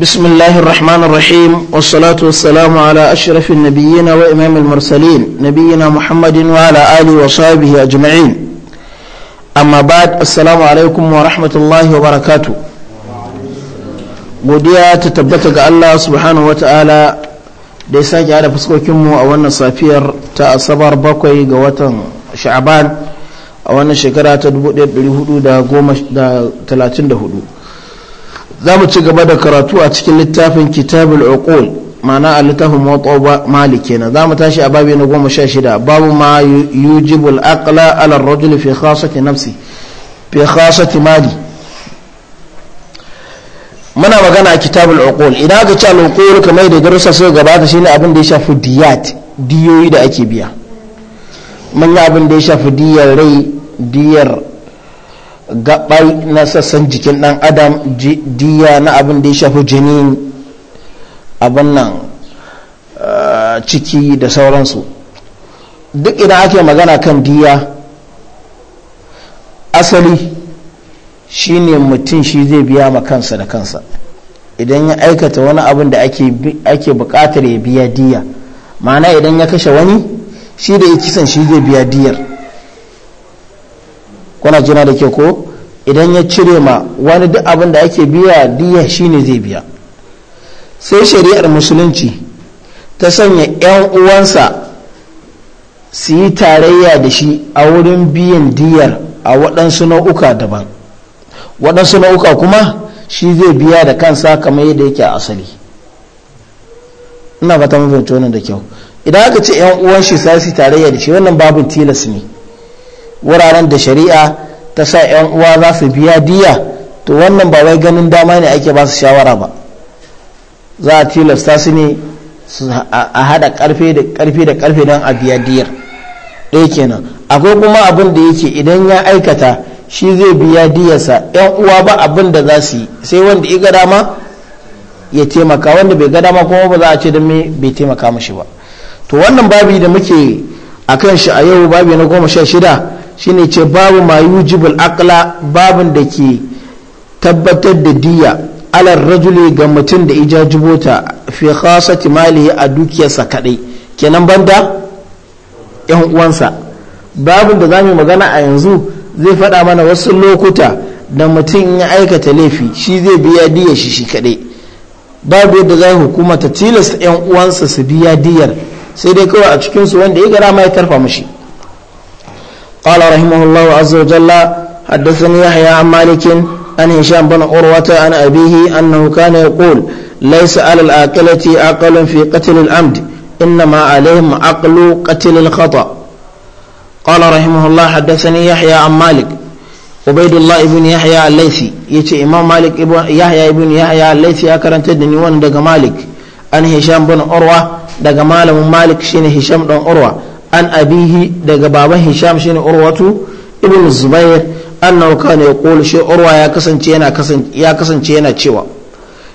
بسم الله الرحمن الرحيم والصلاة والسلام على أشرف النبيين وإمام المرسلين نبينا محمد وعلى آله وصحبه أجمعين أما بعد السلام عليكم ورحمة الله وبركاته godiya ta tabbata ga Allah subhanahu ta'ala da ya sake hada fuskokinmu a wannan safiyar ta asabar bakwai ga watan sha'aban a wannan shekara ta 1434 za mu ci gaba da karatu a cikin littafin kitabul uqul ma'ana a littafin mawata malik kenan za mu tashi a babi na goma sha shida babu ma yujibul aqla ala rajul fi khasati nafsi fi khasati mali muna magana a kitabul uqul idan ka ci al-uqul kamar da darussa sai gabata shine abin da ya shafi diyat diyoyi da ake biya manya abin da ya shafi diyar rai diyar gabai na sassan jikin dan adam diya na abin da ya shafi jini abin nan ah, ciki da sauransu duk idan ake magana kan diya asali shi ne mutum shi zai biya ma kansa da kansa idan ya aikata wani abin da ake bukatar ya biya diya ma'ana idan ya kashe wani shi da ya kisan shi zai biya diyar kuna jina da ke ko idan ya cire ma wani duk abin da ake biya diya shine zai biya sai shari'ar musulunci ta sanya 'yan uwansa su yi tarayya da shi a wurin biyan diyar a waɗansu nau'uka daban waɗansu nau'uka kuma shi zai biya da kansa kamar yadda yake a asali ina fata mafi da kyau idan aka ce 'yan uwan shi sa su tarayya da shi wannan babin tilas ne wuraren da shari'a ta sa 'yan uwa za su biya diya to wannan ba wai ganin dama ne ake ba su shawara ba za a tilasta su ne a hada karfe da karfe da karfe don a biya diyar ɗaya kenan akwai kuma abin da yake idan ya aikata shi zai biya diyarsa yan uwa ba abin da za su yi sai wanda ya ga dama ya taimaka wanda bai ga dama kuma ba za a ce don mai bai taimaka mashi ba to wannan babi da muke a kan shi a yau babi na goma sha shida shine ce babu ma yujibul aqla babin da ke tabbatar da diya alar rajuli ga mutum da ijajibota fi khasa timali a dukiyarsa kadai kenan banda yan uwansa babin da zamu magana a yanzu zai faɗa mana wasu lokuta da mutum ya aikata laifi shi zai biya diya shi shi kadai babu yadda za hukuma ta tilasta yan uwansa su biya diyar sai dai kawai a cikinsu wanda ya gara ma ya karfa mashi قال رحمه الله عز وجل حدثني يحيى عن مالك عن هشام بن عروة عن أبيه أنه كان يقول ليس على الآكلة عقل في قتل العمد إنما عليهم عقل قتل الخطأ قال رحمه الله حدثني يحيى عن مالك عبيد الله ابن يحيى الليثي يتي إمام مالك ابن يحيى ابن يحيى الليثي أكرن تدني وان دق مالك أن هشام بن عروة دق مالك شين هشام بن عروة an abihi daga baban hisham shine urwatu ibn zubair annahu kana yaqulu shi urwa ya kasance yana kasance ya kasance yana cewa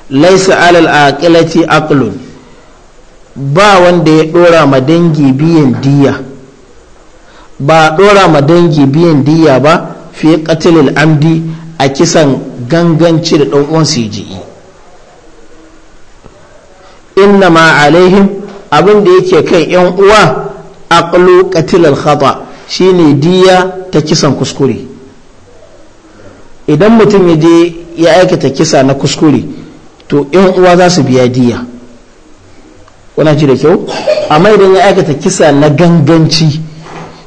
laysa alal aqilati aqlun ba wanda ya dora ma dangi biyan diya ba dora ma dangi biyan diya ba fi qatlil amdi a kisan ganganci da dan uwan CGE inna ma alaihim abin da yake kai yan uwa aqlu qatil al khata shine diya ta kisan kuskure idan mutum ya je ya aikata kisa na kuskure to yan uwa za su biya diya kuna ji da kyau amma idan ya aikata kisa na ganganci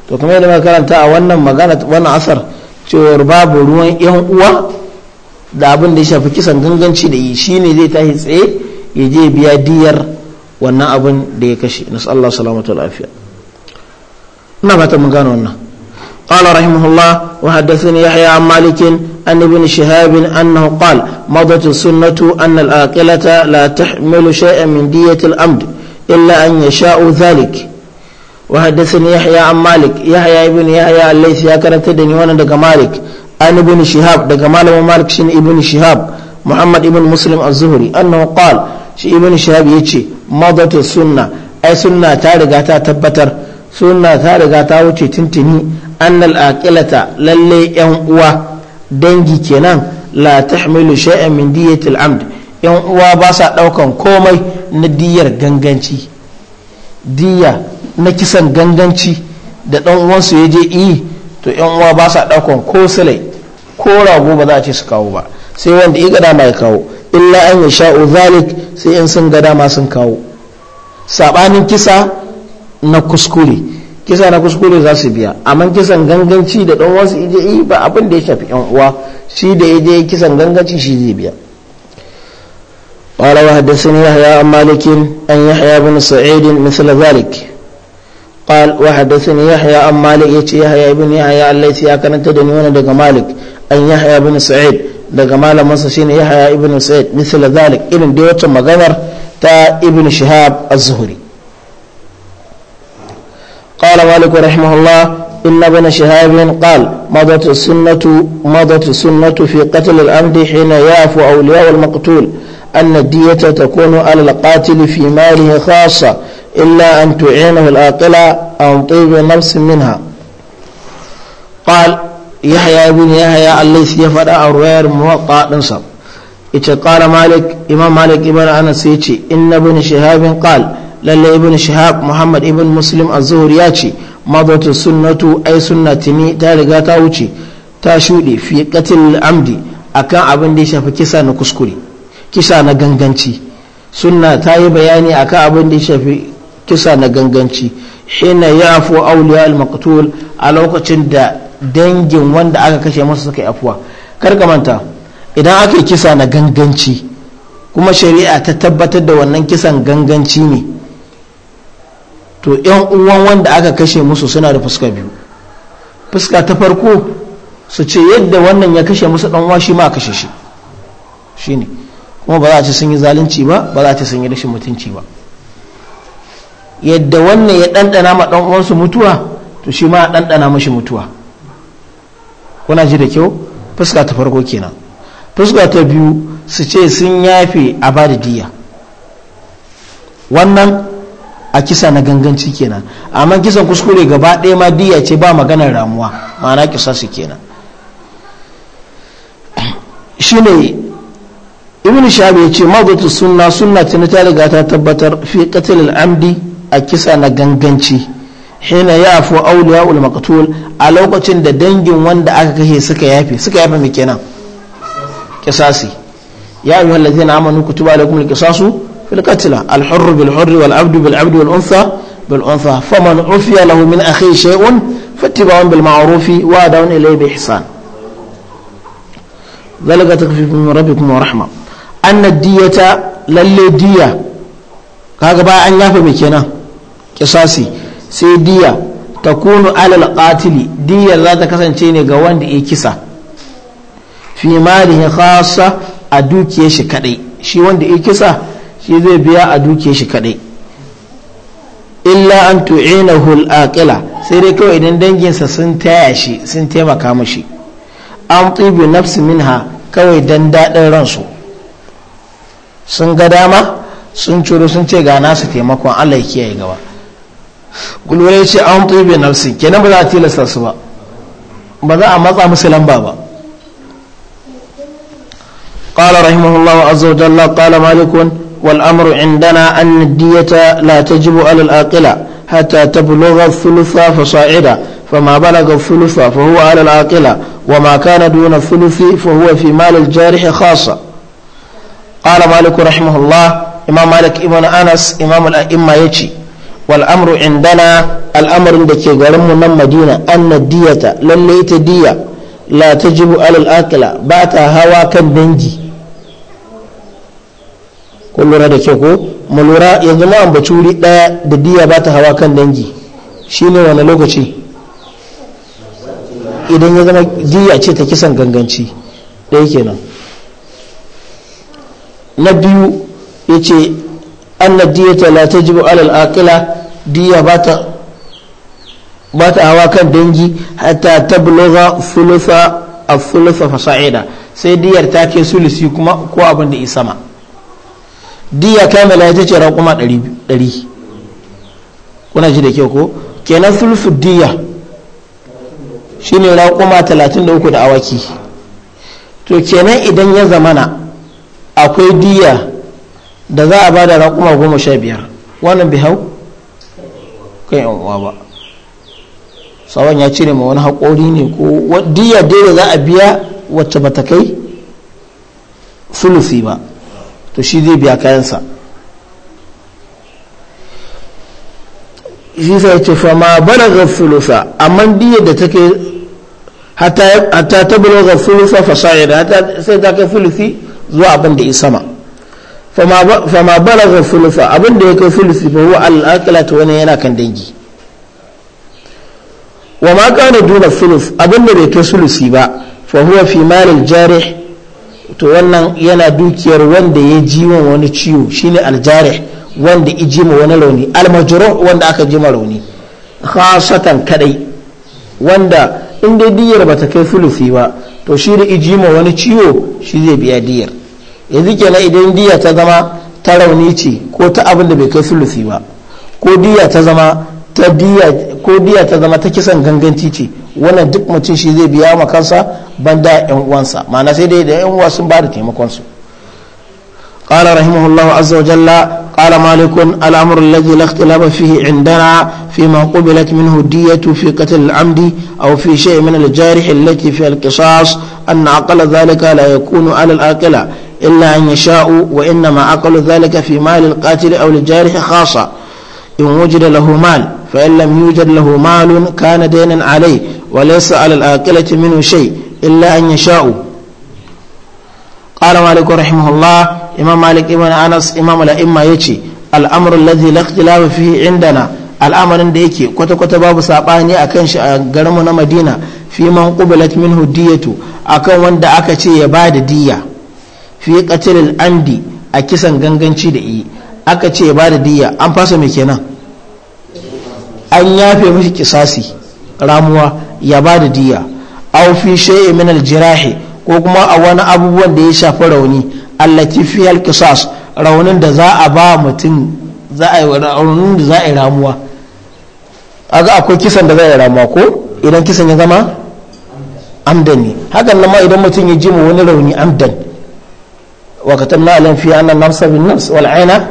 to kuma yadda karanta a wannan magana wannan asar cewar babu ruwan yan uwa da abin da ya shafi kisan ganganci da yi shine zai tashi tsaye ya je biya diyar wannan abin da ya kashe nasu Allah salamatu lafiya ina fata mun gano wannan قال رحمه الله وحدثني يحيى عن مالك أن ابن شهاب أنه قال مضت السنة أن الآقلة لا تحمل شيئا من دية الأمد إلا أن يشاء ذلك وحدثني يحيى عن مالك يحيى ابن يحيى الليث يا كرت دنيوانا دق مالك أن ابن شهاب دق مالك مالك شن ابن شهاب محمد ابن مسلم الزهري أنه قال شي ابن شهاب يجي مضت السنة أي سنة تارقة تبتر suna ta riga ta wuce tuntuni annal aqilata lalle yan uwa dangi kenan la tahmilu shay'an min diyatil amd yan uwa ba sa daukan komai na diyar ganganci diya na kisan ganganci da dan uwansu ya je yi to yan uwa ba sa daukan ko sulai ko rago ba za a ce su kawo ba sai wanda ya gada ma ya kawo illa an ya sha'u zalik sai in sun gada ma sun kawo sabanin kisa na kuskure kisa na kuskure za su biya amma kisan ganganci da dan wasu ije yi ba abin da ya shafi yan uwa shi da ya je kisan ganganci shi zai biya قال وحدثني يحيى عن مالك أن يحيى بن سعيد مثل ذلك قال وحدثني يحيى عن مالك يحيى بن يحيى التي كانت تدنون دق مالك أن يحيى بن سعيد دق مال مسشين يحيى بن سعيد مثل ذلك إن دوت مغنر تا ابن شهاب الزهري قال مالك رحمه الله إن ابن شهاب قال مضت السنة مضت السنة في قتل العمد حين يعفو أولياء المقتول أن الدية تكون على القاتل في ماله خاصة إلا أن تعينه الآقلة عن طيب نفس منها قال يحيى بن يحيى الليث يفرع عن رواية موقع نصب قال مالك إمام مالك ابن أنس إن ابن شهاب قال lalle ibn shahab muhammad ibn muslim az ya ce madatu sunnatu ai sunnati ne ta riga ta wuce ta shuɗe fi qatil amdi akan abin da ya shafi kisa na kuskure kisa na ganganci sunna ta yi bayani akan abin da ya shafi kisa na ganganci hina yafu awliya al-maqtul a lokacin da dangin wanda aka kashe masa suka yi afuwa ka manta idan aka yi kisa na ganganci kuma shari'a ta tabbatar da wannan kisan ganganci ne to yan uwan wanda aka kashe musu suna da fuska biyu fuska ta farko su ce yadda wannan ya kashe musu dan uwa ma kashe shi shine kuma ba za a ce sun yi zalunci ba ba za a ce sun yi rashin mutunci ba yadda wannan ya ɗanɗana ma ɗan uwansu mutuwa to shi ma ɗanɗana mashi mutuwa kuna ji da kyau fuska ta farko kenan fuska ta biyu su ce sun yafe a ba da diya wannan a kisa na ganganci kenan amma kisan kuskure gaba ɗaya ma diya ce ba maganar ramuwa ma'ana kisa su kenan shine ibn shabi ya ce mabatu sunna sunna ta ta riga ta tabbatar fi amdi a kisa na ganganci hina ya fi auliya maqtul a lokacin da dangin wanda aka kashe suka yafe suka yafe mai kenan kisasi ya ayyuhal ladzina amanu kutiba kuma qisasu بالقتلى الحر بالحر والعبد بالعبد والأنثى بالأنثى فمن عفي له من أخي شيء فاتباع بالمعروف وادعون إليه بإحسان ذلك تكفي من ربكم ورحمة أن الدية للي دية كاكبا أن يفهم مكينا كساسي سي دية تكون على القاتل دية لا تكسن تيني قوان دي كسا في ماله خاصة أدوك يشكري شي وان دي كسا shi zai biya a duke shi kadai illa an tu'ina hul aqila sai dai kawai idan danginsa sun taya shi sun taimaka mashi an tibi nafsi minha kawai dan daɗin ransu sun ga dama sun ciro sun ce ga nasu taimakon Allah ya kiyaye gaba gulwale ce an tibi nafsi kenan ba za a tilasta su ba ba za a matsa musu lamba ba قال رحمه الله عز وجل قال مالك والأمر عندنا أن الدية لا تجب على العاقلة حتى تبلغ الثلث فصاعدا فما بلغ الثلث فهو على العاقلة وما كان دون الثلث فهو في مال الجارح خاصة قال مالك رحمه الله إمام مالك ابن أنس إمام الأئمة يجي والأمر عندنا الأمر عندك غرم من مدينة أن الدية لليت دية لا تجب على العاقلة بات هوا كالبنجي kun lura da kyau ko mu lura yanzu ma bacuri daya da diya ba ta hawa kan dangi shine wani lokaci idan ya zama diya ce ta kisan ganganci ɗaya kenan na biyu ya ce diya ta lati jibo alal akila diya ba ta hawa kan dangi ta tablugha fulufa a fulufa fasa'ida sai diyar ta ke sulisi kuma ko abin da isama sama diya kamala ita ce raƙuma ɗari kuna ji da ke ko kenan sulfu diya shine raƙuma 33 da awaki to kenan idan ya zamana akwai diya da za a ba da raƙuma goma sha biyar wannan bai hau kai uwa ba sawan ya cire ma wani haƙori ne ko diya dai da za a biya wacce ba ta kai sulusi ba to shi zai biya kayansa shi sai ce fa ma balaga fulusa amma biya da take hata ta balaga fulusa fa sa'ir sai ta kai fulusi zuwa abin da ya fa ma balaga fulusa abin da ya kai fulusi ba wa al ta wani yana kan dangi wa ma kana duna fulus abin da bai kai sulusi ba fa huwa fi malin jarih to wannan yana dukiyar wanda ya ji wa wani ciwo shine aljarih wanda ma wani rauni almajruh wanda aka ji ma rauni khasatan kadai wanda in dai diyar ba ta kai fulufi ba to shi da ijima wani ciwo shi zai biya diyar yanzu kenan idan diya ta zama ta rauni ce ko ta abin da bai kai fulufi ba ko diya zama ta diya ko diya ta zama ta kisan ganganci ce wannan duk mutum shi zai biya ma kansa ban da yan uwansa ma'ana sai dai da yan uwa sun ba da rahimahullahu azza wa jalla qala malik al-amr alladhi la ikhtilafa fihi indana fi ma qubilat minhu diyatu fi qatl al-amd aw fi shay' min al-jarih fi al-qisas anna aqla dhalika la yakunu ala al-aqila illa an yasha'u wa inma aqla dhalika fi mal al-qatil aw al-jarih khassa in wujida lahu mal فإن لم malu له مال كان دينا عليه وليس minu shai illa an إلا أن يشاء قال مالك رحمه الله إمام مالك ابن أنس إمام الأئمة يجي الأمر الذي لا اختلاف فيه عندنا al'amarin da yake kwata-kwata babu saɓani a kan shi a garinmu na madina fi man ƙubilat minhu diyatu akan wanda aka ce ya bada diyya diya fi qatilil andi a kisan ganganci da yi aka ce ya bada diyya an fasa mai kenan an yafe mishi kisasi ramuwa ya ba da diya aw fi shay'in min al-jirahi ko kuma a wani abubuwan da ya shafi rauni allati fi al-qisas raunin da za a ba mutum za a yi raunin da za a yi ramuwa aga akwai kisan da za a yi ramuwa ko idan kisan ya zama amdan ne hakan nan ma idan mutum ya ji mu wani rauni amdan wa katamna alam fi anna nafsa bin nafs wal aina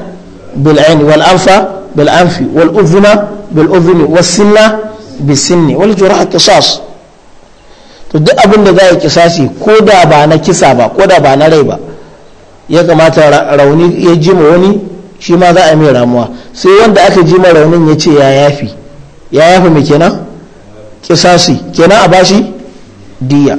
bil aini wal anfa bil anfi wal udhuna بالأذن والسنة بالسن والجراح القصاص to duk abin da za a kisasi ko da ba na kisa ba ko da ba na rai ba ya kamata rauni ya ji ma wani shi ma za a mai ramuwa sai wanda aka ji ma raunin ya ce ya yafi ya yafi mai kenan kisasi kenan a bashi diya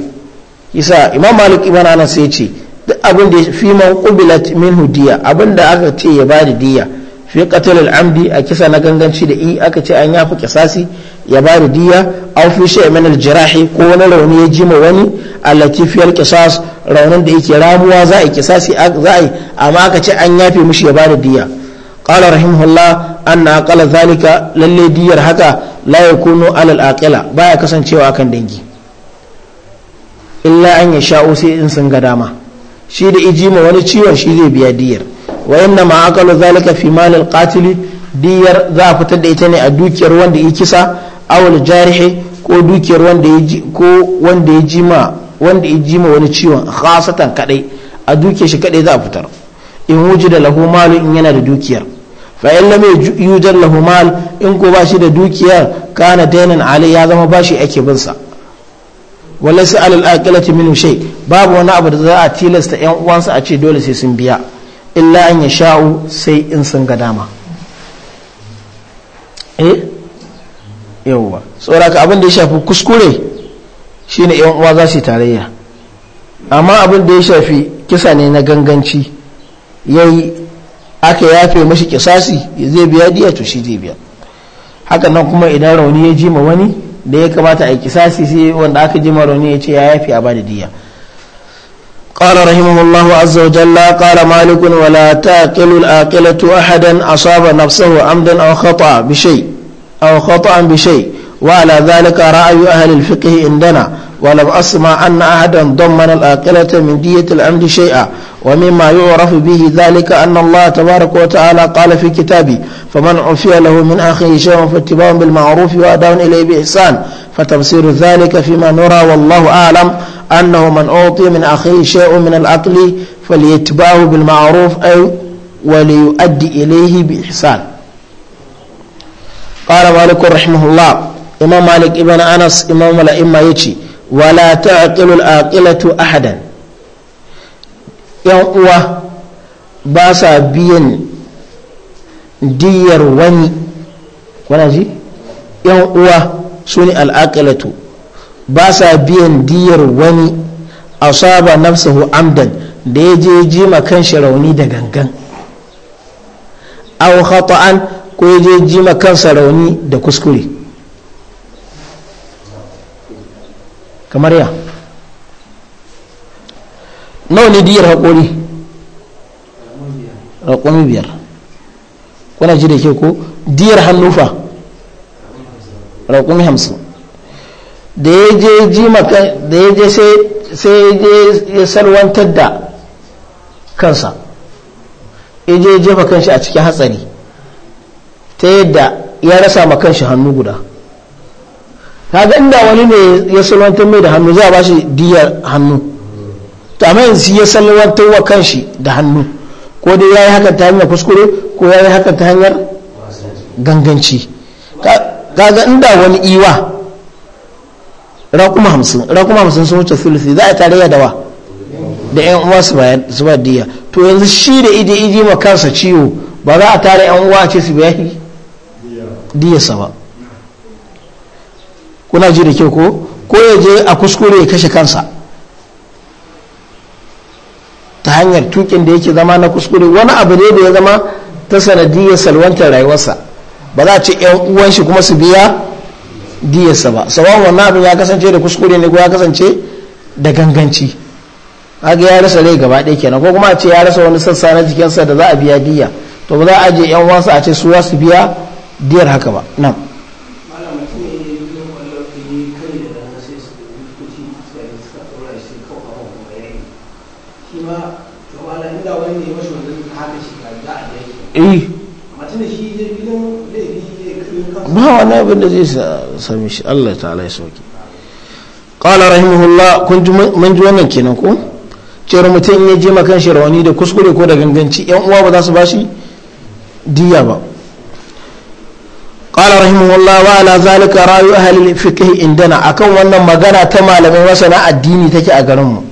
isa imam malik ibn anas sai ce duk abin da fi man qubilat minhu diya abin da aka ce ya bada diya fi qatl al-amdi a kisa na ganganci da i aka ce an yafi kisasi ya ba da diya aw fi shay min al-jirahi ko wani rauni ya jima wani allati fi al raunin da yake ramuwa za a kisasi za a amma aka ce an yafe mishi ya ba da diya qala rahimahullah anna aqala zalika lalle diyar haka la yakunu alal aqila baya kasancewa akan dangi illa an ya sha'o sai in sun ga dama shi da ijima wani ciwon shi zai biya diyar wa inna ma aqalu zalika fi malil qatili diyar za a fitar da ita ne a dukiyar wanda ya kisa awal jarihi ko dukiyar wanda ya ji ko wanda ya ji ma wanda ya ma wani ciwon khasatan kadai a dukiyar shi kadai za a fitar in wujida lahu malu in yana da dukiyar fa in lam yujad lahu mal in ko ba shi da dukiyar kana dainan ali ya zama bashi ake bin sa sai alal aqilati minhu shay babu wani abu da za a tilasta yan uwansa a ce dole sai sun biya illa an ya sha'u sai in sun ga dama eh yawwa tsoraka abin da ya shafi kuskure shine yan uwa za su yi tarayya amma abin da ya shafi kisa ne na ganganci yayi aka yafe mashi kisasi zai biya diya to shi zai biya Haka nan kuma idan rauni ya ji ma wani da ya kamata a yi kisasi sai wanda aka ji ma rauni ya ce ya yafe a da diya قال رحمه الله عز وجل قال مالك ولا تاكل الآكلة أحدا أصاب نفسه عمدا أو خطأ بشيء أو خطأ بشيء وعلى ذلك رأي أهل الفقه عندنا ولم أسمع أن أحدا ضمن الآقلة من دية العمد شيئا ومما يعرف به ذلك أن الله تبارك وتعالى قال في كتابه فمن عفي له من أخيه شيء فاتباع بالمعروف وأداء إليه بإحسان فتفسير ذلك فيما نرى والله أعلم أنه من أعطي من أخيه شيء من العقل فليتبعه بالمعروف أي وليؤدي إليه بإحسان قال مالك رحمه الله imam malik ibn anas imam mala'imma ya ce wala ta'qilul aqilatu ahadan yan uwa ba sa biyan diyar wani wana ji yan uwa su ne al'aqilatu ba sa biyan diyar wani asaba nafsahu amdan da ya je jima kan shi rauni da gangan aw khata'an ko ya je jima sa rauni da kuskure kamar ya nawa ne diyar haƙori raƙumi biyar kuna ji da ke ko diyar hannufa raƙumi hamsin da ya je ji maka da ya je sai ya salwantar da kansa ya je jefa kanshi a cikin hatsari ta yadda ya rasa ma kanshi hannu guda kaga inda wani ne ya salwantar mai da hannu za a ba shi diyar hannu to amma yanzu ya salwantar wa kanshi da hannu ko dai ya yi hakan ta hanyar kuskure ko ya yi hakan ta hanyar ganganci kaga inda wani iwa rakuma hamsin rakuma hamsin sun wuce sulusi za a tarayya da wa da yan uwa su ba diya to yanzu shi da idi idi ma kansa ciwo ba za a tare yan uwa ce su diya diyarsa ba kuna ji da ke ko ko ya je a kuskure ya kashe kansa ta hanyar tukin da yake zama na kuskure wani abu ne da ya zama ta sanadiyar salwantar rayuwarsa ba za a ce yan uwan shi kuma su biya diyarsa ba sabon wannan abin ya kasance da kuskure ne ko ya kasance da ganganci haka ya rasa rai gaba ɗaya kenan ko kuma a ce ya rasa wani sassa na jikinsa da za a biya diya to ba za a je yan uwansa a ce su za su biya diyar haka ba nan eh ba wani abin da zai sami shi Allah ta'ala ya sauki qala rahimahullah kun ji man ji wannan kenan ko cewar mutum ya je makan shi rawani da kuskure ko da ganganci yan uwa ba za su bashi diya ba qala rahimahullah wa ala zalika rayu ahli al-fiqh indana akan wannan magana ta malamin masana addini take a garin mu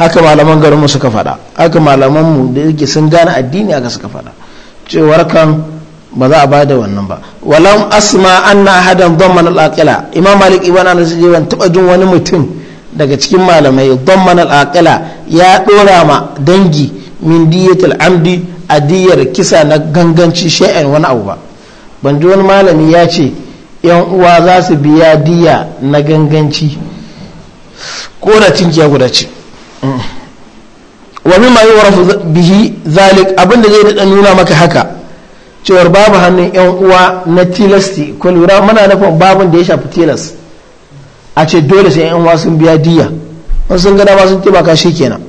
haka malaman garinmu suka faɗa haka malamanmu da yake sun gane addini haka suka faɗa cewar kan ba za a ba da wannan ba walam asma anna ahadan dhamman al-aqila imam malik ibn anas ji ban taba jin wani mutum daga cikin malamai dhamman al-aqila ya dora ma dangi min diyatul amdi adiyar kisa na ganganci shay'an wani abu ba ban ji wani malami ya ce yan uwa za su biya diya na ganganci ko da tinkiya guda ce wa mimma yu'rafu bihi zalik abinda zai da nuna maka haka cewar babu hannun yan uwa na tilasti ko lura muna nufin babun da ya shafi tilas a ce dole sai yan uwa sun biya diya wasu sun gada ma sun taimaka kenan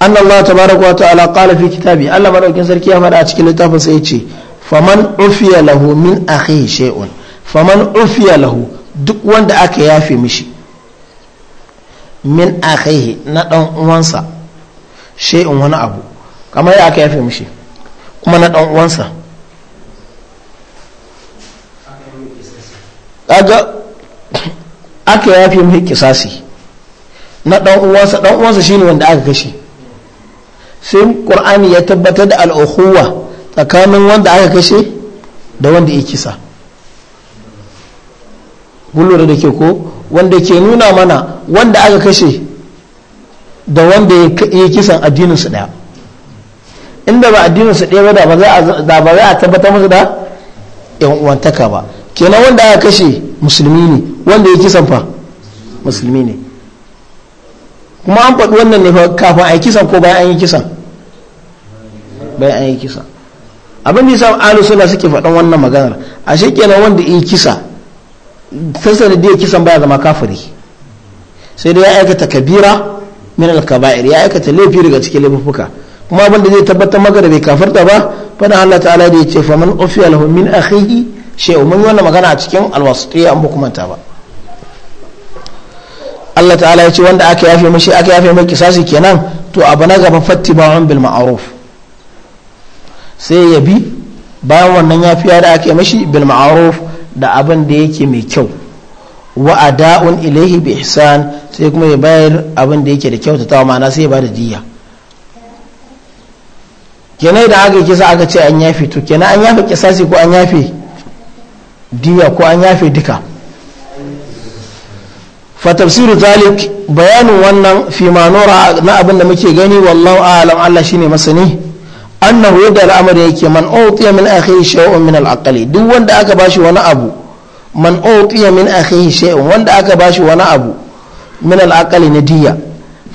an Allah tabaraka wa ta'ala kala fi kitabi Allah madaukin sarki ya faɗa a cikin littafin sai ce faman ufiya lahu min akhihi shay'un faman ufiya lahu duk wanda aka yafe mishi min akhihi na dan uwansa in wani abu kamar ya aka yafe mishi kuma na dan uwansa kaga aka yafe mishi kisasi na dan uwansa dan uwansa shine wanda aka kashe sai qur'ani ya tabbatar da al'ukhuwa tsakanin wanda aka kashe da wanda ya kisa kun da ke ko wanda ke nuna mana wanda aka kashe da wanda ya kisan addininsu ɗaya inda ba addininsu ɗaya ba da ba za a tabbatar musu da yan uwantaka ba kenan wanda aka kashe musulmi ne wanda ya kisan fa musulmi ne kuma an faɗi wannan ne kafin a yi kisan ko bayan an yi kisan bayan an yi kisan abin da yasa ahlus sunna suke faɗan wannan maganar ashe kenan wanda in kisa da sanadiyar kisan baya zama kafiri sai dai ya aikata kabira min alkaba'ir ya aikata laifi daga cikin laifuka kuma abin da zai tabbatar maka da bai kafarta ba fana Allah ta'ala da ya ce fa man ufiya lahu min akhihi shay'un mun wannan magana a cikin alwasitiyya an hukumanta ba Allah ta'ala ya ce wanda aka yafe mishi aka yafe mai kisasi kenan to abu na gaba fattiba'un bil ma'ruf sai ya bi bayan wannan yafiya da aka yi mishi bil ma'ruf da abin da yake mai kyau wa ada'un ilaihi bi ihsan sai kuma ya bayar abin da yake da kyau kyautatawa ma'ana sai ya ba da diya kenai da aka kisa aka ce an yafe to kenan an yafe kisasi ko an yafe diya ko an yafe duka fa tafsiru zalik bayanin wannan fi ma na abin da muke gani wallahu a'lam Allah shine masani annahu yadda al'amari yake man utiya min akhihi shay'un min al'aqali duk wanda aka bashi wani abu man utiya min akhihi shay'un wanda aka bashi wani abu min al-aqli na diya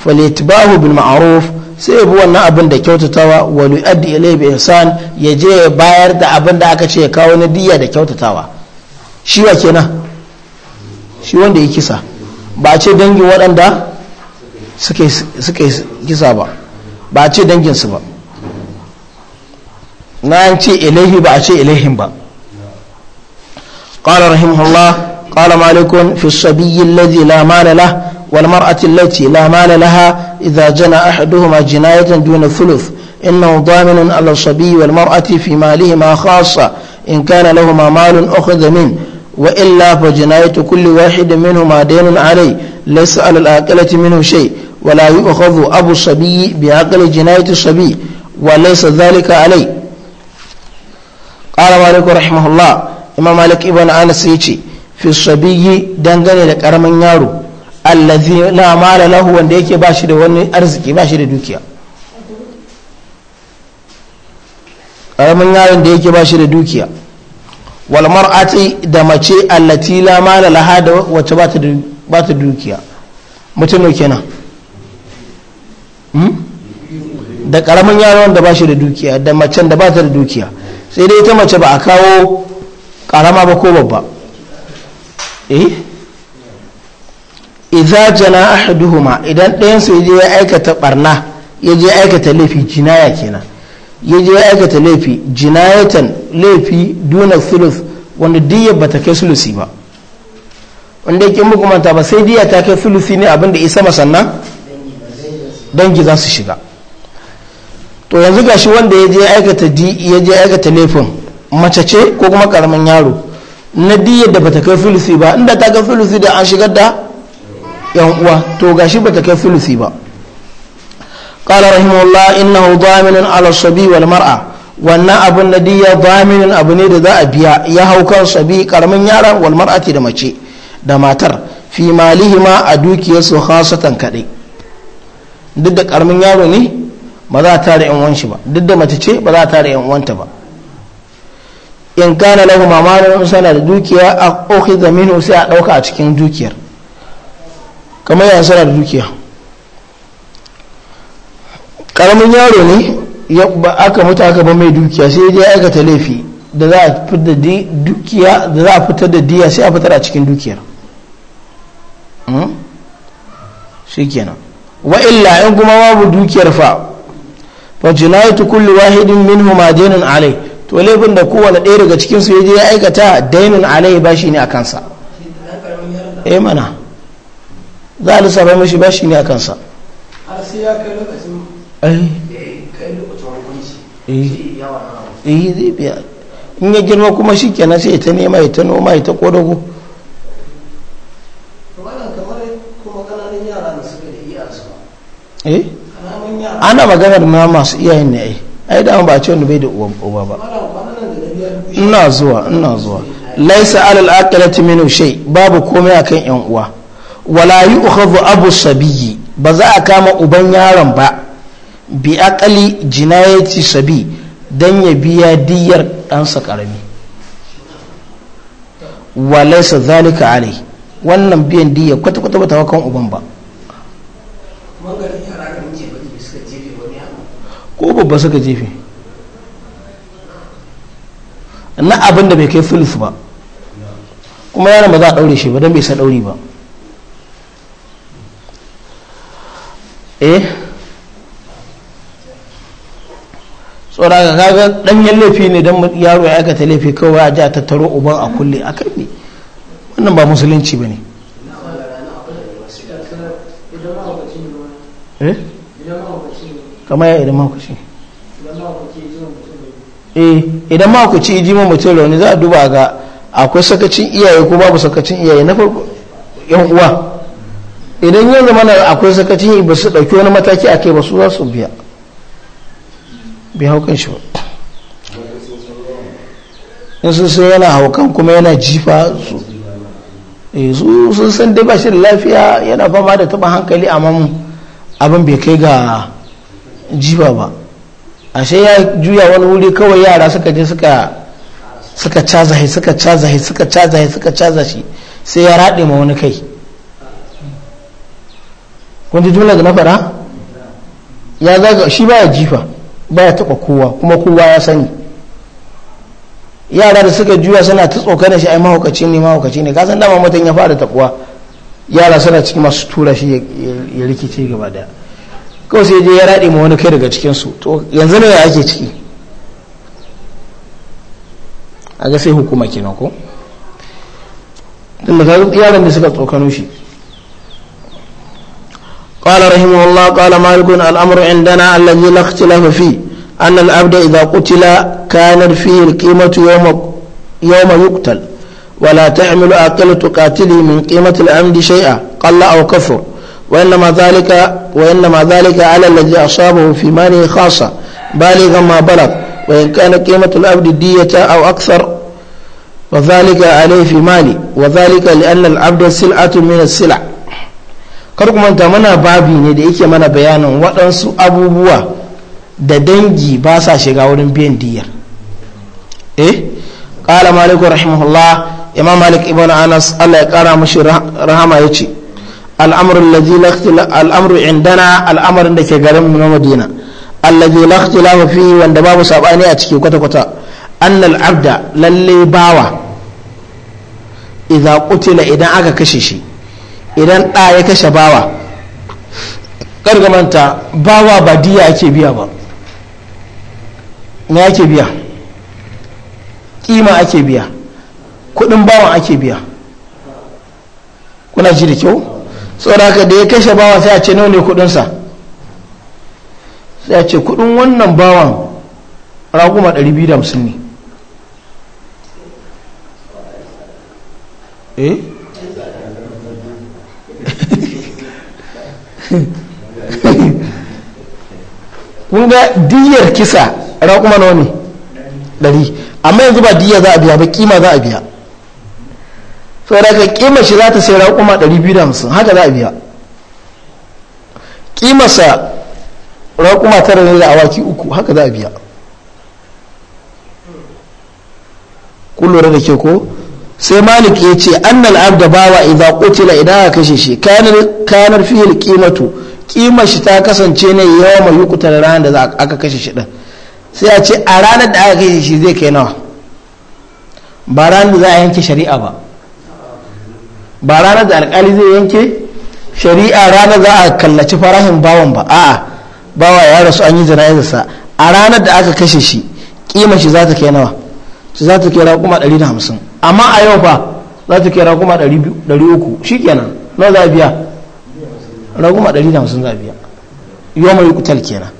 falyatbahu bil ma'ruf sai bi wannan abin da kyautatawa wa yu'addi ilayhi bi ihsan ya je bayar da abin da aka ce ya kawo na diya da kyautatawa shi wa kenan shi wanda ya kisa ba a ce dangin waɗanda suka yi kisa ba ba a ce su ba na ce ba a ce ilahin ba ƙala rahimahullah ƙala malikun fi sabiyi lazi lamana la wal lati lamana laha iza jana ahaduhu ma jinayatan duna fuluf inna dhaminan ala sabiyi wal mar'ati fi malihi ma khassa in kana lahum malun ukhadha min wa illa fa jinayatu kulli wahidin minhum adainun alay laysa ala al-aqalati shai shay wa abu sabiyyi bi aqli jinayati sabiyi wa laysa dhalika qala malik rahimahullah imam malik ibn anas ce fi sabiyyi dangane da karamin yaro allazi la mala lahu wanda yake ba shi da wani arziki ba shi da dukiya karamin yaron da yake ba shi da dukiya wal mar'ati da mace allati la mala laha da wacce ba ta ba ta dukiya mutum ne kenan da karamin yaron da ba shi da dukiya da macen da ba ta da dukiya sai dai ta mace ba a kawo karama ba ko babba eh idza jana ahaduhuma idan ɗayan su je ya aikata barna ya je aikata laifi jinaya kenan ya je ya aikata laifi jinayatan laifi duna thuluth wanda diya ta kai sulusi ba wanda yake muku manta ba sai diya ta kai sulusi ne abinda isa masanna dangi za su shiga to yanzu ga shi wanda ya je aikata di ya je aikata laifin mace ce ko kuma karamin yaro na di yadda bata kai filisi ba inda ta kai filisi da an shigar da yan uwa to ga shi bata kai filisi ba qala rahimullah innahu daminun ala sabi wal mar'a wannan abun na diya daminun abu ne da za a biya ya hau kan sabi karamin yara wal mar'ati da mace da matar fi malihima a dukiyarsu khasatan kadai duk da karamin yaro ne ba za a tare yan wanshi ba duk da mace ce ba za a tare yan wanta ba in kana lahu mamalin sana da dukiya a ƙoƙi zaminu sai a ɗauka a cikin dukiyar kamar sana da dukiya ƙaramin yaro ne ba aka mutu aka ba mai dukiya sai ya aikata laifi da za a fitar da dukiya da za a fitar da diya sai a fitar a cikin dukiyar hmm? shi kenan wa illa in kuma babu dukiyar fa wa jinayatu kulli wahidin minhuma dainun alai to laifin da kowane ɗaya daga cikin su yaje ya aikata dainun alai bashi ne a kansa eh mana za a lissafa mashi bashi ne a kansa har sai ya kai lokacin eh. kai lokacin hukunci eh. eh zai biya in ya girma kuma shi kenan sai ta nema ya ta noma ya ta kodago eh ana maganar ma masu iyayen ne ai ai da ba a ce wanda bai da uba ba ina zuwa ina zuwa laisa alal aqilati min shay babu komai akan yan uwa wala yu'khadhu abu sabiyyi ba za a kama uban yaron ba bi aqali jinayati sabi dan ya biya diyyar ɗansa karami wa laisa zalika alai wannan biyan diyar kwata kwata ba wakan uban ba ko babba suka jefe na abin da bai kai fulus ba kuma yaron ba za a ɗaure shi ba don bai sa ɗauri ba eh tsora ga kaga ɗanyen laifi ne don yaro ya aikata laifi kawai a ji a tattaro uban a kulle a kai ne wannan ba musulunci ba ne eh kamar ya idan mahaukaci eh, idan mahaukaci ya ji ma mutum rauni za a duba ga akwai sakacin iyaye ko babu sakacin iyaye na farko yan uwa idan yanzu mana akwai sakacin ba su dauki wani mataki a kai ba su za su biya bi haukan shi in sun sai yana haukan kuma yana jifa su eh, su sun san dai ba shi da lafiya yana fama da taɓa hankali amma abin bai kai ga jiba ba ashe ya juya wani wuri kawai yara suka je suka suka caza shi suka caza shi suka caza shi suka caza shi sai ya raɗe ma wani kai kun ji da na fara ya zaga shi baya jifa baya taɓa kowa kuma kowa ya sani yara da suka juya suna ta da shi ai mahaukaci ne mahaukaci ne kasan dama mutum ya fara taɓuwa yara suna cikin masu tura shi ya rikice gaba daya kawai sai je ya raɗe ma wani kai daga cikinsu to yanzu ne ake ciki a ga sai hukuma kenan ko tunda ga yaran da suka tsokano shi قال رحمه الله قال مالك الأمر عندنا الذي لا اختلاف فيه أن العبد إذا قتل كانت فيه القيمة يوم يوم يقتل ولا تعمل عاقلة قاتله من قيمة العمد شيئا قل أو كفر وإنما ذلك وإنما ذلك على الذي أصابه في ماله خاصة بالغا ما بلغ وإن كان قيمة العبد دية أو أكثر وذلك عليه في مالي وذلك لأن العبد سلعة من السلع karku manta mana babi ne da yake mana bayanin waɗansu abubuwa da dangi ba sa shiga wurin biyan diyar eh qala maliku rahimahullah imam malik ibn anas Allah ya kara mashi rahama yace al'amru indana al'amarin da ke garin mu na madina allazi la ikhtilafa wanda babu saɓani a ciki kwata kwata annal abda lalle bawa idza qutila idan aka kashe shi idan da ya kashe bawa kargamanta bawa ba diya ake biya ba me ake biya kima ake biya kudin bawan ake biya kuna ji da kyau tsoraka da ya kashe bawa sai a ce nawa ne kudinsa sai a ce kudin wannan bawan raguma 250 ne eh kun diyar kisa raguma nawa ne 100 amma yanzu ba diya za a biya ba kima za a biya saboda ka kima shi za ta sai raƙuma 250 haka za a biya kimasa raƙuma tara ne da awaki uku haka za a biya kullum da ke ko sai malik ya ce annal abda bawa idan kutila idan aka kashe shi kanar da kimatu kima shi ta kasance ne yawa mai yukutar ranar da aka kashe shi ɗin sai a ce a ranar da aka kashe shi zai kai nawa ba ranar da za a yanke shari'a ba ba ranar da alkali zai yanke shari'a ranar za a kallaci farahin bawan ba a'a bawa ya rasu an yi jana'izarsa a ranar da aka kashe shi kima shi za ta kai nawa shi za ta kai raƙuma 150 amma a yau fa za ta kai raƙuma 300 shi kenan na za a biya raƙuma 150 za a biya yau mai kutal kenan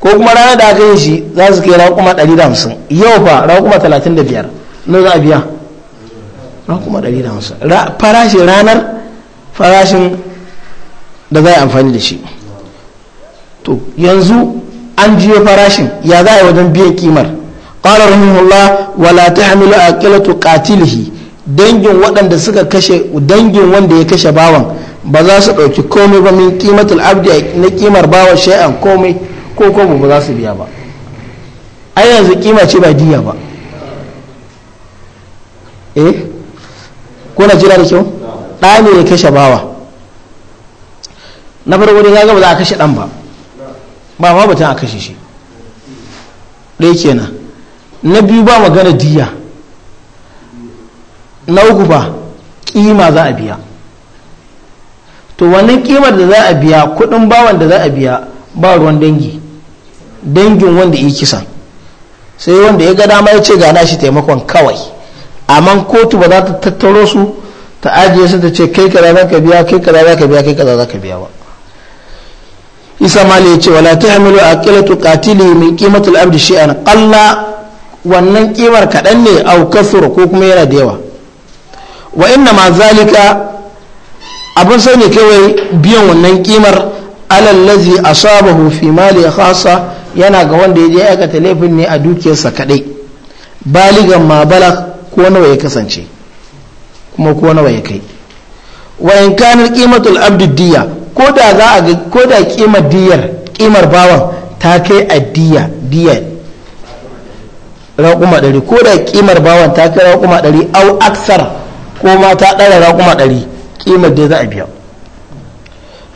ko kuma ranar da aka yi shi za su kai raƙuma 150 yau fa raƙuma 35 na za a biya da hamsin farashin ranar farashin da za a amfani da shi to yanzu an jiyo farashin ya za a yi wajen biyan kimar ƙwarar rahimullah wala ta hamilu a ƙilatu katilihi dangin waɗanda suka kashe dangin wanda ya kashe bawan ba za su ɗauki komai ba min ƙimatul abdi na kimar bawan shay'an komai ko kuma ba za su biya ba ai yanzu kima ce ba diya ba eh ko na jira da kyau ɗa ne ya kashe bawa na farko dai kaga ba za a kashe ɗan ba ba ma batun a kashe shi ɗaya kenan na biyu ba magana diya na uku ba kima za a biya to wannan kimar da za a biya kudin bawan da za a biya ba ruwan dangi dangin wanda yi kisa sai wanda ya ga dama ya ce gana shi taimakon kawai amma kotu ba za ta tattaro su ta ajiye su ta ce kai kaza za ka biya kai kaza za ka biya kai kaza za ka biya ba isa mali ya ce wala ta hamilu a kilatu katili min kimatul abdi shi'an kalla wannan kimar kaɗan ne au kasur ko kuma yana da yawa wa inna ma zalika abin sani kawai biyan wannan kimar alallazi asabahu fi mali kasa yana ga wanda ya je aikata laifin ne a dukiyarsa kadai baligan ma balagh ko nawa ya kasance kuma ko nawa ya kai wa in kana qimatul ko da za a ko da kimar diyar kimar bawan ta kai addiya diya raƙuma ɗari ko da kimar bawan ta kai raƙuma ɗari au aksar ko ma ta ɗara raƙuma ɗari kimar dai za a biya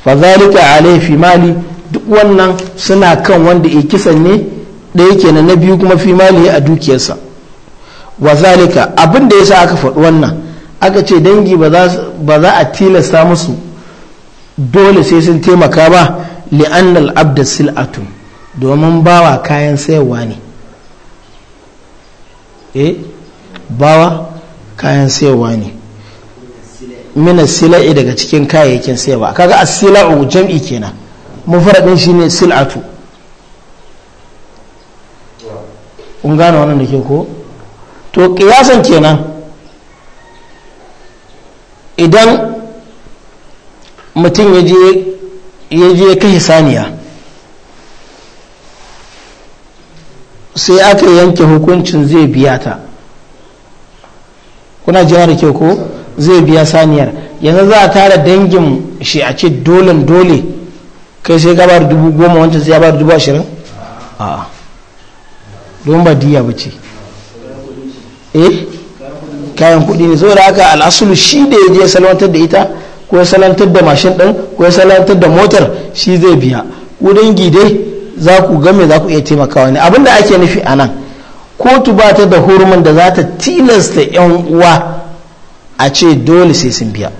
fa zalika alai mali duk wannan suna kan wanda ya kisan ne ɗaya kenan na biyu kuma fi mali a dukiyarsa wa zalika abin da sa aka faɗi wannan aka ce dangi ba za a tilasta musu dole sai sun taimaka ba li'annal abda sil'atun domin bawa kayan sayarwa ne eh bawa kayan sayarwa ne mina sila'i daga cikin kayayyakin sayarwa kaga as-sila'u jam'i kenan shi shine sil'atu kun gane wannan da ke ko to kiyasan kenan idan mutum ya je kashe saniya sai aka yanke hukuncin zai biya ta kuna jiya da kyau ko zai biya saniyar yanzu za a tara dangin shi a ce dolen dole kai sai gabar dubu goma wancan sai ya bar dubu ashirin a'a don ba diya ba ce eh kayan kudi ne saboda haka al'asulu shi da ya je salwantar da ita ko ya salantar da mashin ɗin ko ya salantar da motar shi zai biya kudin dangi dai za ku game za ku iya taimakawa ne abin da ake nufi a nan kotu ba ta da hurumin da za ta tilasta 'yan uwa a ce dole sai sun biya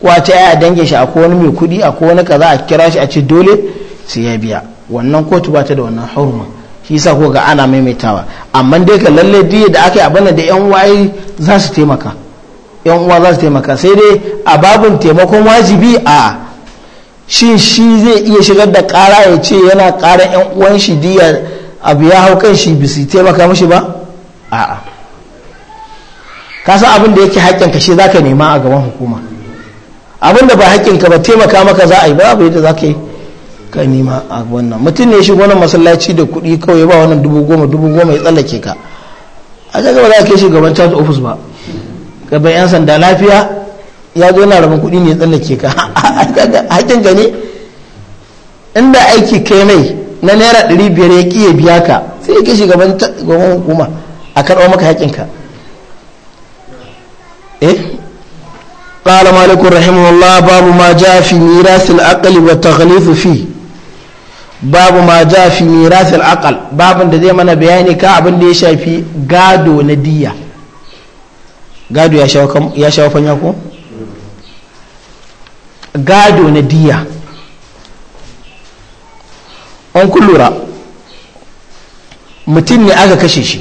kwace ya dange shi a wani mai kudi a wani kaza a kira shi a ce dole sai ya biya wannan kotu ba ta da wannan hurumin shi sa ko ga ana maimaitawa amma dai ka lalle diya da aka yi abin da yan waye za su taimaka yan uwa za su taimaka sai dai a babin taimakon wajibi a shin shi zai iya shigar da kara ya ce yana kara yan uwan shi diya abu ya hau kan shi bisu taimaka mashi ba a'a ka san abin da yake haƙƙin ka shi za ka nema a gaban hukuma abin da ba haƙƙin ka ba taimaka maka za a yi ba abu yadda ka yi ka nima a wannan mutum ne shigo wani masallaci da kuɗi kawai ba wannan dubu goma dubu goma ya tsallake ka a daga ba za a kai shi gaban charge office ba gaban yan sanda lafiya ya zo na rabin kuɗi ne ya tsallake ka hakin ka ne inda aiki kai mai na naira ɗari biyar ya ƙi ya biya ka sai ya kai shi gaban hukuma a karɓar maka hakin ka قال مالك رحمه الله باب ما جاء في ميراث العقل والتغليظ فيه babu ma ja fi mirasil akal babin da zai mana bayani ka abin da ya shafi gado na diya gado ya shawo fanya ko gado na diya an kullura mutum ne aka kashe shi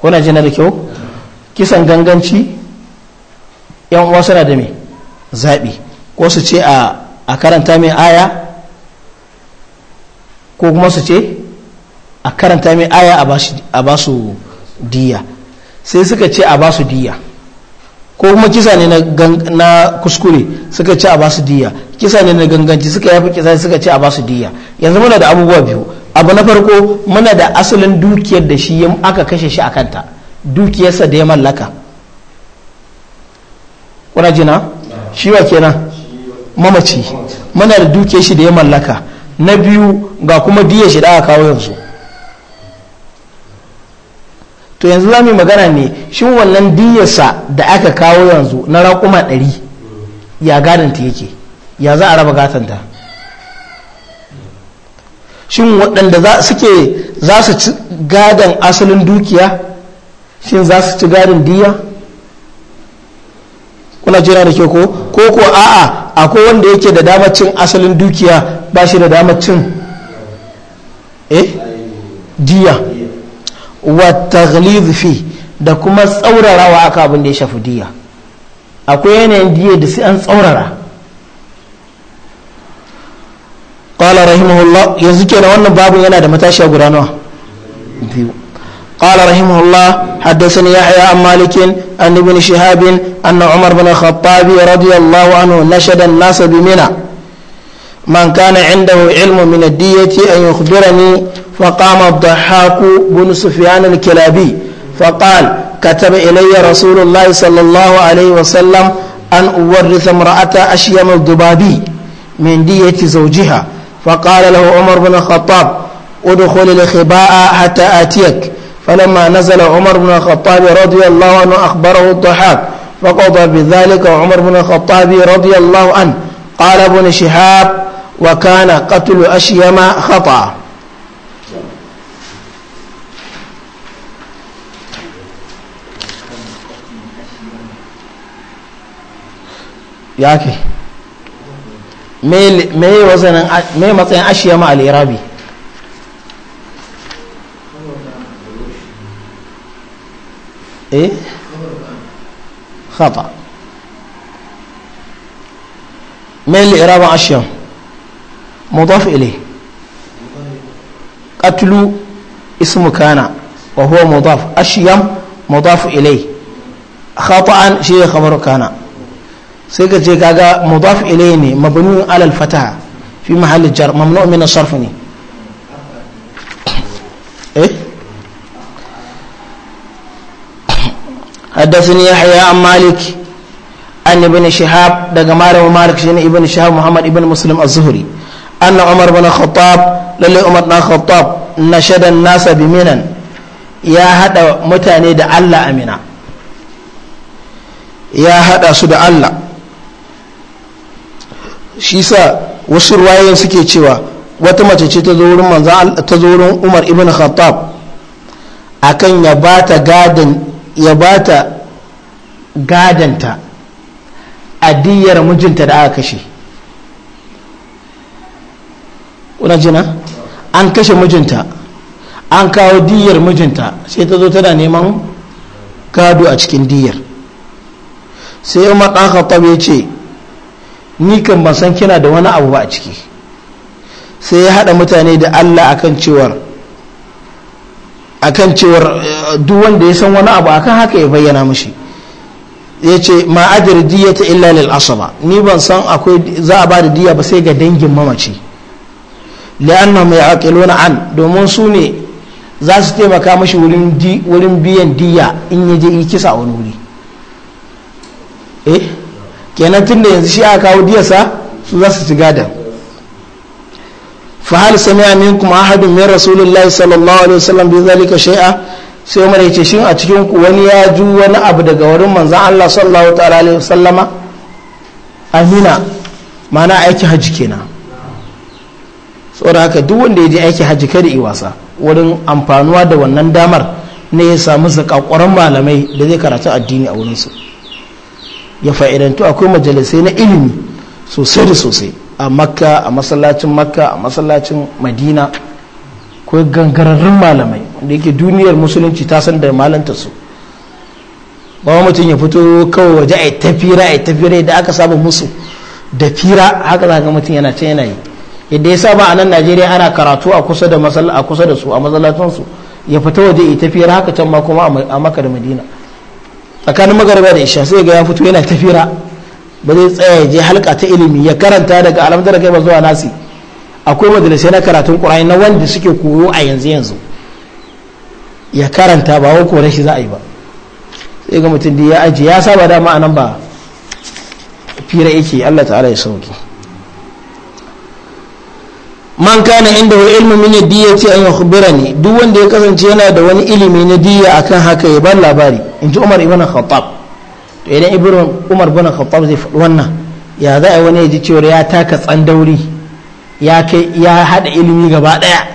kuna jina da kyau kisan ganganci yan wasu suna da me zaɓi ko su ce a a karanta mai aya ko kuma su ce a karanta mai aya a ba su diya sai suka ce a ba su diya ko kuma kisa ne na kuskure suka ce a ba su diya kisa ne na ganganci suka yafi kisa suka ce a ba su diya yanzu muna da abubuwa biyu abu na farko muna da asalin dukiyar da shi aka kashe shi a kanta dukiyarsa da ya mallaka kuna jina kenan mamaci muna da duke shi da ya mallaka na biyu ga kuma diya shi da aka kawo yanzu to yanzu za mu magana ne shi wannan diyarsa da aka kawo yanzu na raƙuma ɗari ya ta yake ya za a raba gatanta shin waɗanda suke za su ci gadon asalin dukiya shin za su ci gadin diya kuna jira da ke ko ko ko a'a akwai wanda yake da damar cin asalin dukiya ba shi da damar cin eh diya wa taghlid da kuma tsaurarawa aka abin da ya shafi diya akwai yanayin diya da sai an tsaurara qala rahimahullah yanzu kenan wannan babu yana da matashi guda nawa biyu قال رحمه الله حدثني يحيى عن مالك أن ابن شهاب أن عمر بن الخطاب رضي الله عنه نشد الناس بمنى من كان عنده علم من الدية أن يخبرني فقام الضحاك بن سفيان الكلابي فقال كتب إلي رسول الله صلى الله عليه وسلم أن أورث امرأة أشيم الضبابي من دية زوجها فقال له عمر بن الخطاب ادخل الخباء حتى آتيك فلما نزل عمر بن الخطاب رضي الله عنه أخبره الضحاك فقضى بذلك عمر بن الخطاب رضي الله عنه قال ابن شهاب وكان قتل أشيما خطأ ياكي yake me مثلا ashiyama الارابي ايه خطأ من الإرابة أشياء مضاف إليه قتلوا اسم كان وهو مضاف أشيم مضاف إليه خطأ شيء خبر كان سيكتشي جيكا مضاف إليه مبني على الفتح في محل الجر ممنوع من الصرف حدثني يحيى عن مالك عن ابن شهاب دغما رو مالك شين ابن شهاب محمد ابن مسلم الزهري ان عمر بن الخطاب لله عمر بن الخطاب نشد الناس بمنن يا حدا متاني ده الله أمنا يا حدا سو ده الله شيسا sa wasu ruwayoyin suke cewa wata mace ce ta zo عمر ابن الخطاب akan ya bata gadin ya bata gadanta adiyar mijinta da aka kashe kuna jina an kashe mijinta an kawo diyar mijinta sai ta zo tana neman gado a cikin diyar sai yau ɗan ce ni kan ban san kina da wani abu ba a ciki sai ya haɗa mutane da allah akan cewar akan cewar eh, duk wanda ya san wani abu akan haka ya bayyana mushi. ya ce ma diya ta illa lil asaba ni ban san akwai za a ba da diya ba sai ga dangin mamaci aƙilo na an domin su ne za su taimaka mashi wurin biyan diya in ya je yi kisa wani wuri eh kenan tunda yanzu shi aka kawo diyarsa su za su ci gada fa hal sami'a minkum ahadun min rasulillahi sallallahu alaihi wasallam bi zalika shai'a. sai umar ya ce shin a cikin ku wani ya ju wani abu daga wurin manzan Allah sallallahu ta'ala alaihi wasallama amina mana aiki hajji kenan saboda haka duk wanda ya je aiki hajji kada i wasa wurin amfanuwa da wannan damar ne ya samu zakakuran malamai da zai karatu addini a wurinsu ya fa'idantu akwai majalisai na ilimi sosai da sosai a makka a masallacin makka a masallacin madina ko gangararrun malamai da yake duniyar musulunci ta san da malanta su ba mutum ya fito kawai waje a ta fira a ta fira da aka saba musu da fira haka za ga mutum yana ta yana yi yadda ya saba a nan najeriya ana karatu a kusa da a kusa da su a masallacin su ya fita waje a ta fira haka can ma kuma a maka da madina tsakanin magariba da isha sai ga ya fito yana ta fira ba zai tsaya ya je halka ta ilimi ya karanta daga alamdar kai ba zuwa nasi akwai majalisai na karatun ƙur'ani na wanda suke koyo a yanzu yanzu ya karanta ba wai kore za a yi ba sai ga mutum da ya ajiye ya saba dama a nan ba fira yake Allah ta'ala ya sauki man kana inda wa ilmi min ce an yukhbirani duk wanda ya kasance yana da wani ilimi na diya akan haka ya bar labari in ji Umar ibn Khattab to idan Ibrahim Umar ibn Khattab zai faɗi wannan ya za a wani ya ji cewa ya taka tsandauri ya kai ya hada ilimi gaba daya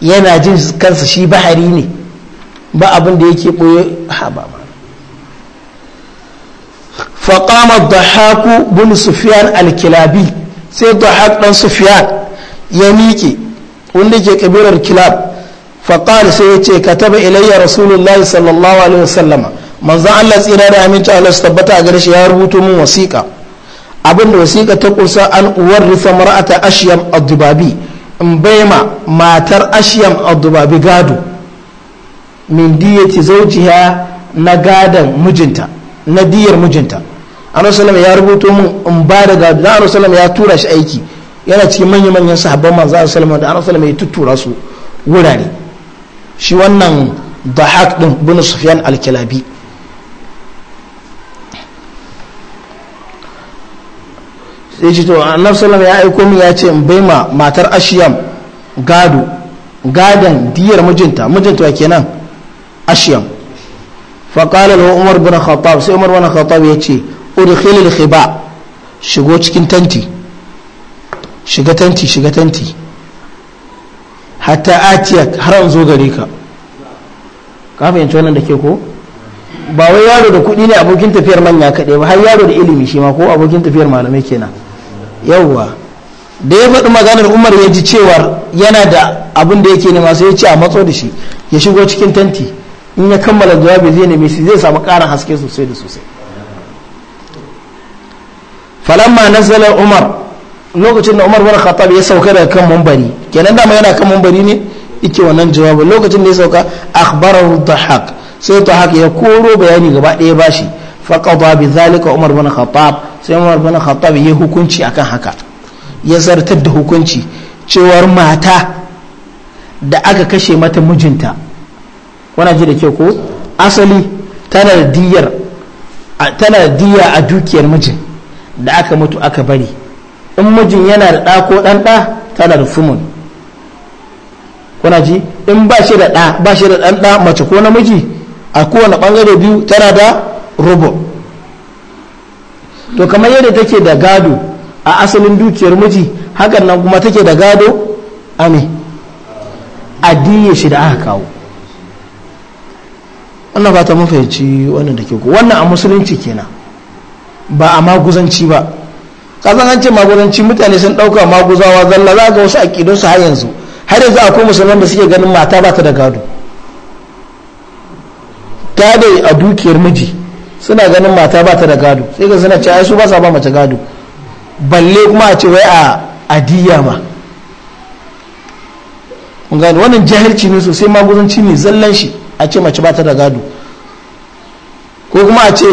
yana jin kansa shi bahari ne ba abin da yake ɓoye ha ba ba faƙama dahaku bin sufiyan alkilabi sai dahak ɗan sufiyan ya miƙe wanda ke kabilar kilab faƙar sai ya ce ka taba ilayya rasulullahi sallallahu alaihi wasallama manzan allah tsira da aminci allah su tabbata a garshi ya rubuta min wasiƙa abinda wasiƙa ta kusa an uwar rufe mara'ata ashiyam adubabi in bai ma matar ashiyam adubabi gado min diyati zawjiha na gadan mijinta na diyar mijinta annabi sallallahu ya rubuto mun in ba da gado annabi sallallahu ya tura shi aiki yana cikin manyan manyan sahabban manzo sallallahu da annabi sallallahu ya tuttura su wurare shi wannan dahak din bin sufyan al-kilabi sai ce to annabi sallam ya aiko min ya ce in bai ma matar ashiyam gado gadon diyar mijinta mijinta wa kenan ashyam faƙalar wa umar bin khattab sai umar bin khattab ya ce udkhilil khiba shigo cikin tanti shiga tanti shiga tanti hatta atiyak har an zo gare ka ka fahimci wannan da ke ko ba wai yaro da kuɗi ne abokin tafiyar manya kaɗai ba har yaro da ilimi shi ma ko abokin tafiyar malamai kenan yawwa da ya faɗi maganar umar ya ji cewar yana da abin da yake ne masu ya ce a matso da shi ya shigo cikin tanti in ya kammala jawabi zai neme shi zai samu ƙarin haske sosai da sosai falamma nazala umar lokacin da umar bin khattab ya sauka daga kan mambari kenan dama yana kan mambari ne yake wannan jawabi lokacin da ya sauka akhbarahu dhahak sai dhahak ya koro bayani gaba ɗaya bashi faqada bi zalika umar bin khattab sai umar bin khattab ya hukunci akan haka ya zartar da hukunci cewar mata da aka kashe mata mijinta wana ji da ke ko asali tana diyar diya a dukiyar mijin da aka mutu aka bari in mijin yana da ɗa ko ɗan ɗa tana da fumun kuna ji in ba shi da ɗa da ɗan ɗa mace ko namiji a kowane ɓangare biyu tana da rubo to kamar yadda take da gado a asalin dukiyar miji hakan nan kuma take da gado a ne a diye shi da aka kawo Allah ba ta mafayaci wannan da ke ku wannan a musulunci kenan ba a maguzanci ba kasan an ce maguzanci mutane sun ɗauka maguzawa zalla za ga wasu aƙidun su har yanzu har yanzu akwai musulman da suke ganin mata ba ta da gado ta da a dukiyar miji suna ganin mata ba ta da gado sai ga suna ce ai su ba sa ba mace gado balle kuma a ce wai a adiya ma kun gane wannan jahilci ne sosai maguzanci ne zallan shi a ce mace ba ta da gado ko kuma a ce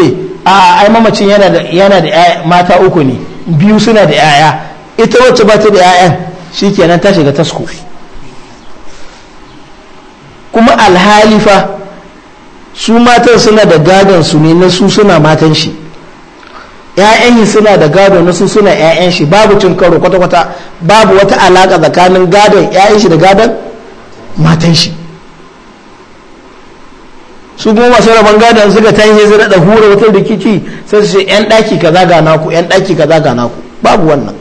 a ai mamacin yana da yana da mata uku ne biyu suna da yaya ita wacce ba ta da yayan shikenan ta shiga tasko kuma alhalifa su matan suna da gadon su ne na su suna matan shi ‘ya'yan yi suna da gado na su suna ‘ya'yan shi babu cin karo kwata-kwata babu wata alaƙa tsakanin gadon ‘ya'yan shi da gadon matan shi su kuma masu rabon gadon suka yi su da hura wata rikici sai su ce yan daki ka zaga naku yan daki ka zaga naku babu wannan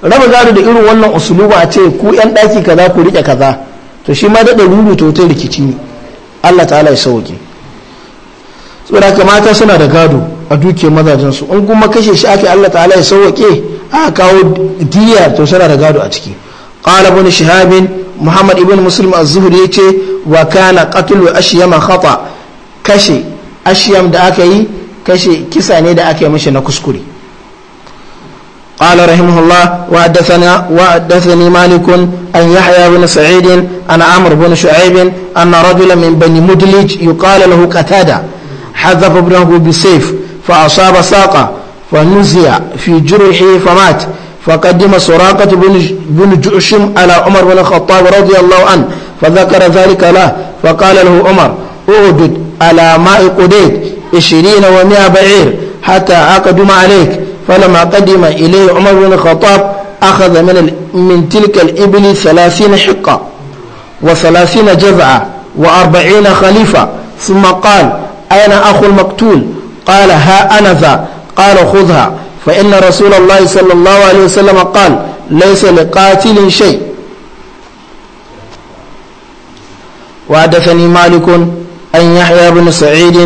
raba gado da irin wannan usuluba a ce ku yan daki kaza ku rike kaza to shi ma daɗa rubuta wata rikici ne Allah ta'ala ya sauke saboda haka mata suna da gado a duke mazajen su in kuma kashe shi ake Allah ta'ala ya sauke a kawo diya to suna da gado a ciki qala shahabin muhammad ibn muslim az-zuhri yace wa kana qatlu ashyama khata kashe ashyam da aka yi kashe kisa ne da aka yi mishi na kuskure قال رحمه الله وحدثنا وحدثني مالك عن يحيى بن سعيد عن عمرو بن شعيب أن رجلا من بني مدلج يقال له قتادة حذف ابنه بسيف فأصاب ساقه فنزي في جرحه فمات فقدم سراقة بن جعشم على عمر بن الخطاب رضي الله عنه فذكر ذلك له فقال له عمر اعدد على ماء قديد عشرين ومائة بعير حتى أقدم عليك فلما قدم إليه عمر بن الخطاب أخذ من, من تلك الإبل ثلاثين حقة وثلاثين جذعة وأربعين خليفة ثم قال أين أخو المقتول قال ها أنا ذا قال خذها fa ina rasulallah sallallahu alaihi wa sallam qal laysa li qatilin shay wa dafani malikun an yahya ibn sa'id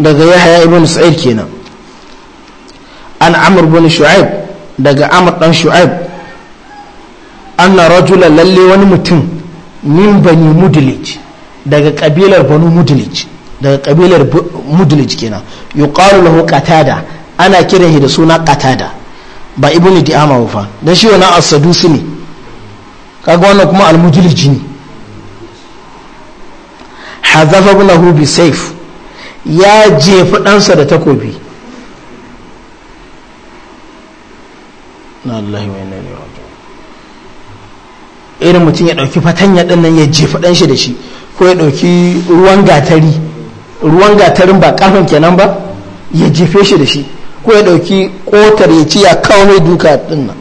daga yahya ibn sa'id kenan an amr ibn shu'ayb daga amr dan shu'ayb anna rajula lalli wani mutum min bani mudlij daga kabilar banu mudlij daga kabilar mudlij kenan yuƙalu lahu qatada ana kiran shi da suna qatada ba ibnu di'ama ba fa dan shi wannan as-sadusi ne kaga wannan kuma al-mujliji ne hazafa ibnahu bi saif ya jefi ɗansa da takobi na Allah wa inna ilaihi raji'un irin mutum ya dauki fatanya din nan ya jefi dan shi da shi ko ya dauki ruwan gatari ruwan gatarin ba kafin kenan ba ya jefe shi da shi ko ya dauki kotar ya ci ya kawo mai duka din nan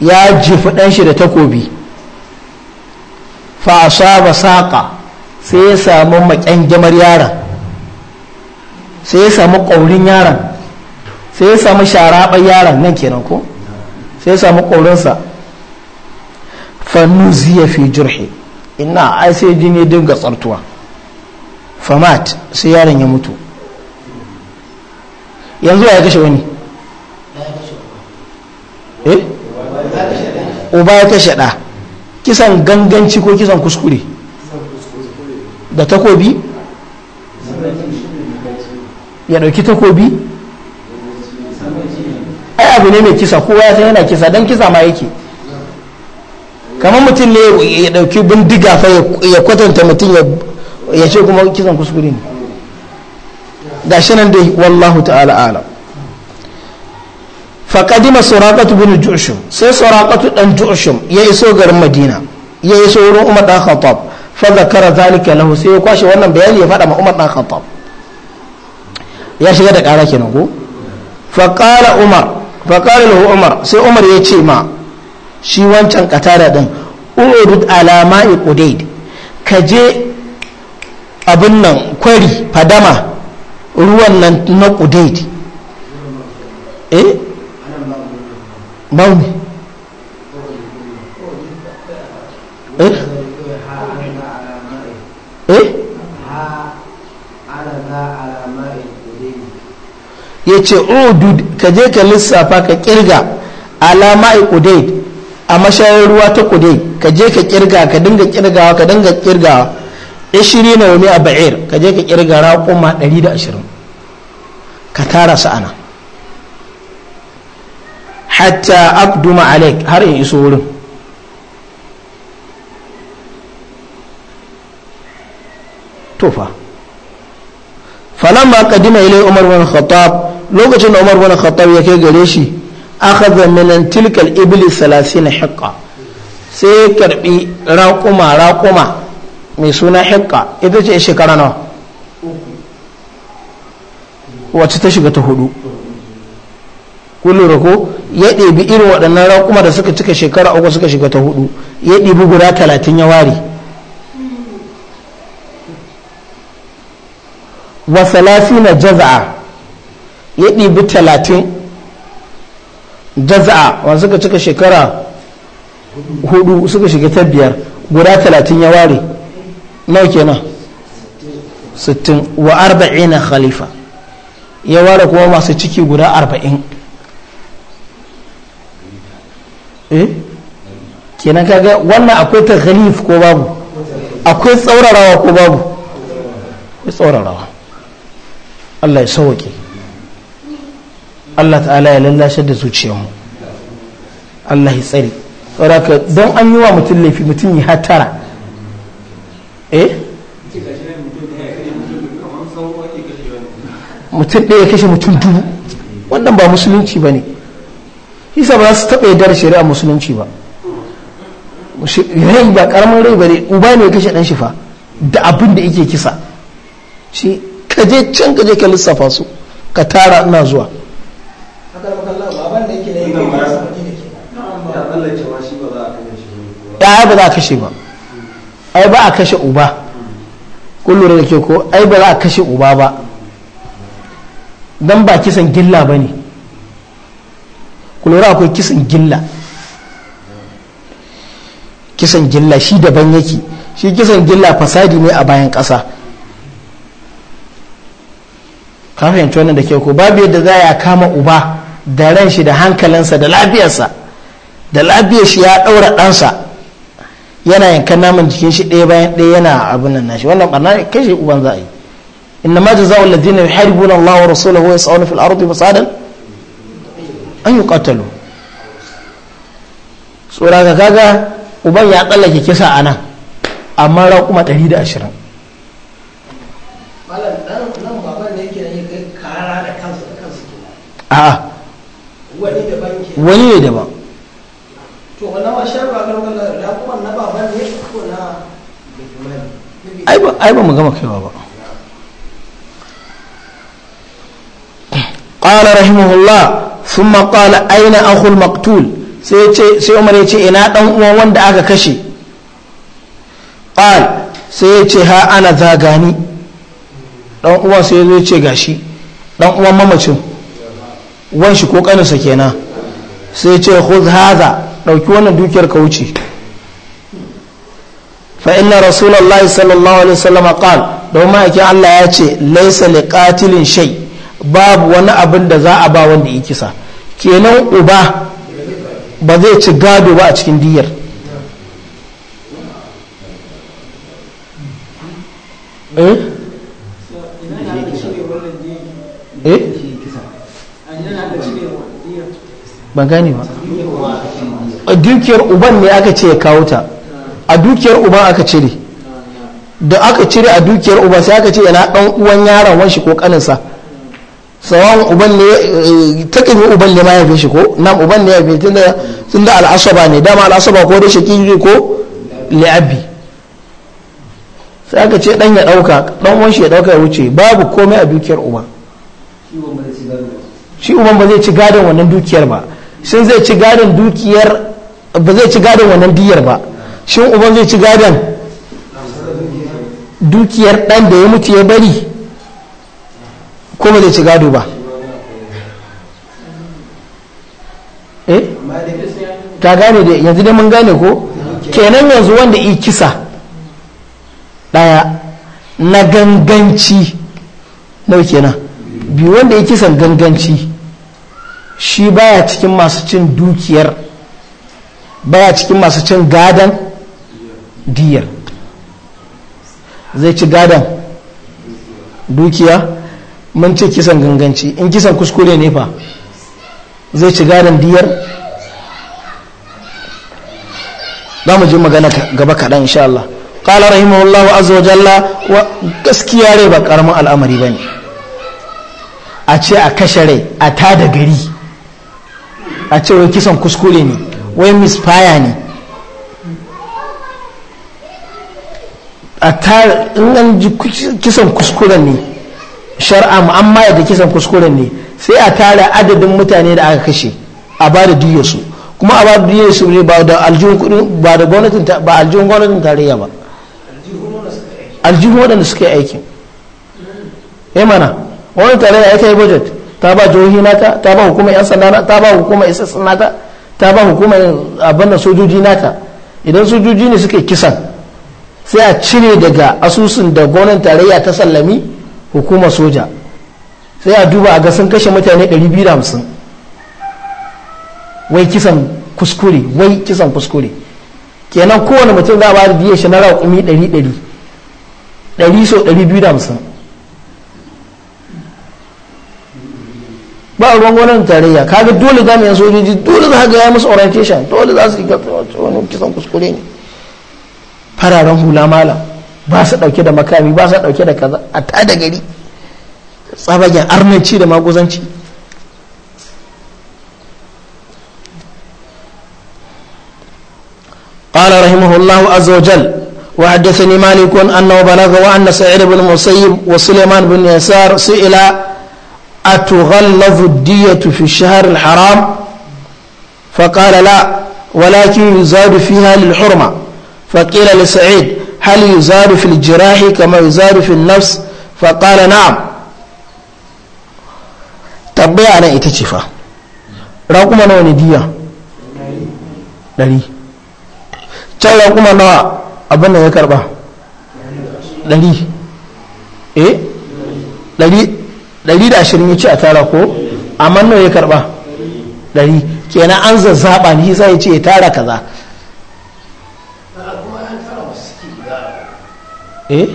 ya ji ɗan shi da takobi fa asaba saƙa sai ya samu maƙyangyamar yaran sai ya samu kaurin yaran sai ya samu sharaɓar yaran nan kenan ko sai ya samu sa fa nuziya fi jurhi ina ai sai jini dinga tsartuwa famat sai yaron ya mutu yanzu ya kashe wani eh uba ya kashe da kisan ganganci ko kisan kuskure da takobi ya dauki takobi ai abu ne mai kisa kowa ya san yana kisa dan kisa ma yake kamar mutum ne ya dauki bindiga fa ya kwatanta mutum ya ce kuma kisan kuskure ne gashi nan dai wallahu ta'ala alam faƙadima suraqatu bin jushum sai suraqatu ɗan jushum ya iso garin madina ya iso wurin umar ɗan khattab fa zakara zalika lahu sai ya kwashe wannan bayani ya fada ma umar ɗan khattab ya shiga da kara kenan ko qala umar qala lahu umar sai umar ya ce ma shi wancan katara ɗin urud alama iqudaid ka je abin nan kwari fadama ruwan nan na ƙudaid eh mauni ne eh, eh? ya ce udud oh, ka je ka lissafa ka kirga alama kudaid a mashayar ruwa ta kudai ka je ka kirga ka dinga kirgawa ka dinga kirgawa ishiri na wani a ba'ir ka je ka kirga raƙuma 120 ka tara su ana hatta abdu ma'alek har in iso wurin tofa falamma kadima ilai umar wani khattab lokacin da umar wani khattab ya kai gare shi akhadha min tilkal iblis 30 hiqqa sai karbi raƙuma raƙuma mai suna hikka ita ce shekara nawa wacce ta shiga ta hudu kullum ya ɗebi irin waɗannan raƙuma da suka cika shekara uku suka shiga ta hudu ya ɗebi guda talatin ya ware wa na jaza'a ya ɗebi talatin jaza'a wanda suka cika shekara hudu suka shiga ta biyar guda talatin ya ware nawa kenan 60 wa arba'ina khalifa ya ware kuma masu ciki guda arba'in eh kenan kaga wannan akwai ta khalif ko babu akwai tsaurarawa ko babu akwai tsaurarawa Allah ya sauke Allah ta'ala ya lallashe da zuciyarmu Allah ya tsare saboda don an yi wa mutum laifi mutum ya hatara eh mutum ɗaya kashe mutum dubu wannan ba musulunci ba ne isa ba za su taɓa yadda shari'a musulunci ba rai ba ƙaramin rai ba ne uba ne kashe ɗan shi fa da abin da yake kisa shi kaje can kaje ka lissafa su ka tara ina zuwa ɗaya ba za a kashe ba ai ba a kashe uba kun lura da ke ko ai ba za a kashe uba ba don ba kisan gilla ba ne lura akwai kisan gilla kisan gilla shi daban yake shi kisan gilla fasadi ne a bayan ƙasa kafin fahimci wannan da ke ko babu yadda za ya kama uba da ran shi da hankalinsa da lafiyarsa da lafiyar shi ya ɗaura ɗansa yana yankan naman jikin shi ɗaya bayan ɗaya yana abin nan nashi wannan barna kai shi uban za a yi inna ma jazaa'u alladhina yuharibuna Allah wa rasulahu wa yas'una fil ardi fasadan an katalo. tsora ga kaga uban ya tsallake kisa a nan amma ra kuma 120 a'a wani ne daban a'iba ba mu gama kaiwa ba قال رحمه الله ثم قال أين أخو sai umar ya ce ina ɗan uwan wanda aka kashe ƙal sai ya ce ha ana zagani ɗan uwan sai ya ce gashi ɗan uwan mamacin wanshi ko ƙaninsa kenan sai ya ce haza ɗauki wannan dukiyar ka wuce baɗi na rasulallah sallallahu alaihi wa sallama qaru da muhakin allah ya ce laisani katilin shai babu wani abin da za a ba wanda ya kisa kenan uba ba zai ci gado ba a cikin diyar. dukiyar uban ne aka ce ya kawo ta. a dukiyar uba aka cire da aka cire a dukiyar uba sai aka ce yana dan uwan yaron wanshi ko kaninsa sawan uban ne eh, ta yi uban ne ma ya shi ko nan uban ne ya fi tun da al'asaba ne dama al'asaba ko da yi ko li'abi sai aka ce dan ya dauka dan wanshi ya dauka ya wuce babu komai a dukiyar uba shi uban ba zai ci gadon wannan dukiyar ba sun zai ci gadon dukiyar ba zai ci gadon wannan diyar ba shin uban zai ci gadon dukiyar ɗan da ya mutu ya bari ko zai ci gado ba eh ta gane da yanzu da mun gane ko kenan yanzu wanda yi kisa ɗaya na ganganci nau kenan biyu wanda yi kisan ganganci shi baya cikin masu cin dukiyar baya cikin masu cin gadon diyar zai ci gadon dukiya mun ce kisan ganganci in kisan kuskure ne fa zai ci gadon diyar za mu ji magana gaba kaɗan insha Allah قال رحمه الله عز wa gaskiya rai ba karamin al'amari ba ne a ce a kashe rai a tada gari a ce wai kisan kuskure ne wai misfaya ne a tare in ji kisan kuskuren ne shar'a mayar da kisan kuskuren ne sai a tara adadin mutane da aka kashe a ba da diyarsu kuma a ba da diyarsu ne ba da aljihun kudin ba da gwamnatin ba aljihun gwamnatin tarayya ba aljihun waɗanda suka yi aikin eh mana wani tarayya ya kai budget ta ba jihohi nata ta ba hukumar yan sanda ta ba hukumar isassun nata ta ba hukumar abin sojoji nata idan sojoji ne suka yi kisan sai a cire daga asusun da gwamnan tarayya ta sallami hukumar soja sai a duba a ga sun kashe mutane 250 wai kisan kuskure wai kisan kuskure kenan kowane mutum za a ba da biye shi na raƙumi 100 100 ba a ruwan gwamnan tarayya kaga dole jami'an sojoji dole za ga ya musu orientation dole za su yi wani kisan kuskure ne fararen hula malam ba su dauke da makami ba su dauke da kaza a ta da gari tsabagen arnaci da maguzanci قال رحمه الله عز وجل وحدثني مالك أنه بلغ وأن سعيد بن المسيب وسليمان بن يسار سئل أتغلظ الدية في الشهر الحرام فقال لا ولكن يزاد فيها للحرمة فقيل لسعيد هل يزار في الجراح كما يزار في النفس فقال نعم تبعي أنا إتشفى رقم أنا ونديا dari can kuma nawa abin da ya karba dari eh dari da ashirin ya ci a tara ko amma nawa ya karba dari kenan an zazzaba ni za ya ce ya tara kaza Eh?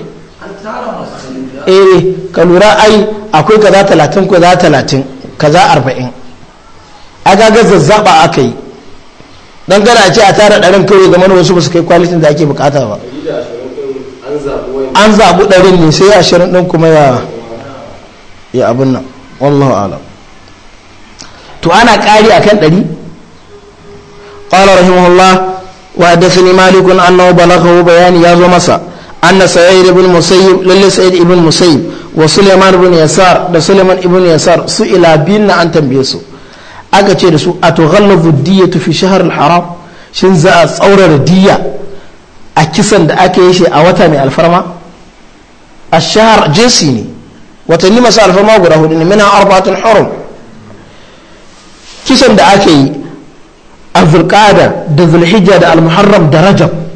eh ka lura ai akwai kaza talatin kaza talatin kaza arba'in agaga zazzaba aka yi don gana ce a tara ɗarin kawai ga wasu ba su kai kwalitin da ake bukata ba an zaɓu ɗarin ne sai shirin ɗin kuma ya ya abin nan wallahu alam to ana ƙari akan ɗari قال رحمه الله وحدثني مالك أنه بلغه ya يا masa. anna sa'id ibn musayyib lalle sa'id ibn musayyib wa sulaiman ibn yasar da suleiman ibn yasar su ila biyun na an tambaye su aka ce da su a tughallabu diyatu fi shahr al-haram shin za a diyya diya a kisan da aka yi shi a wata mai alfarma a shahar jinsi ne watanni masu alfarma guda hudu ne mina arba'atul hurum kisan da aka yi a da zulhijja da al-muharram da rajab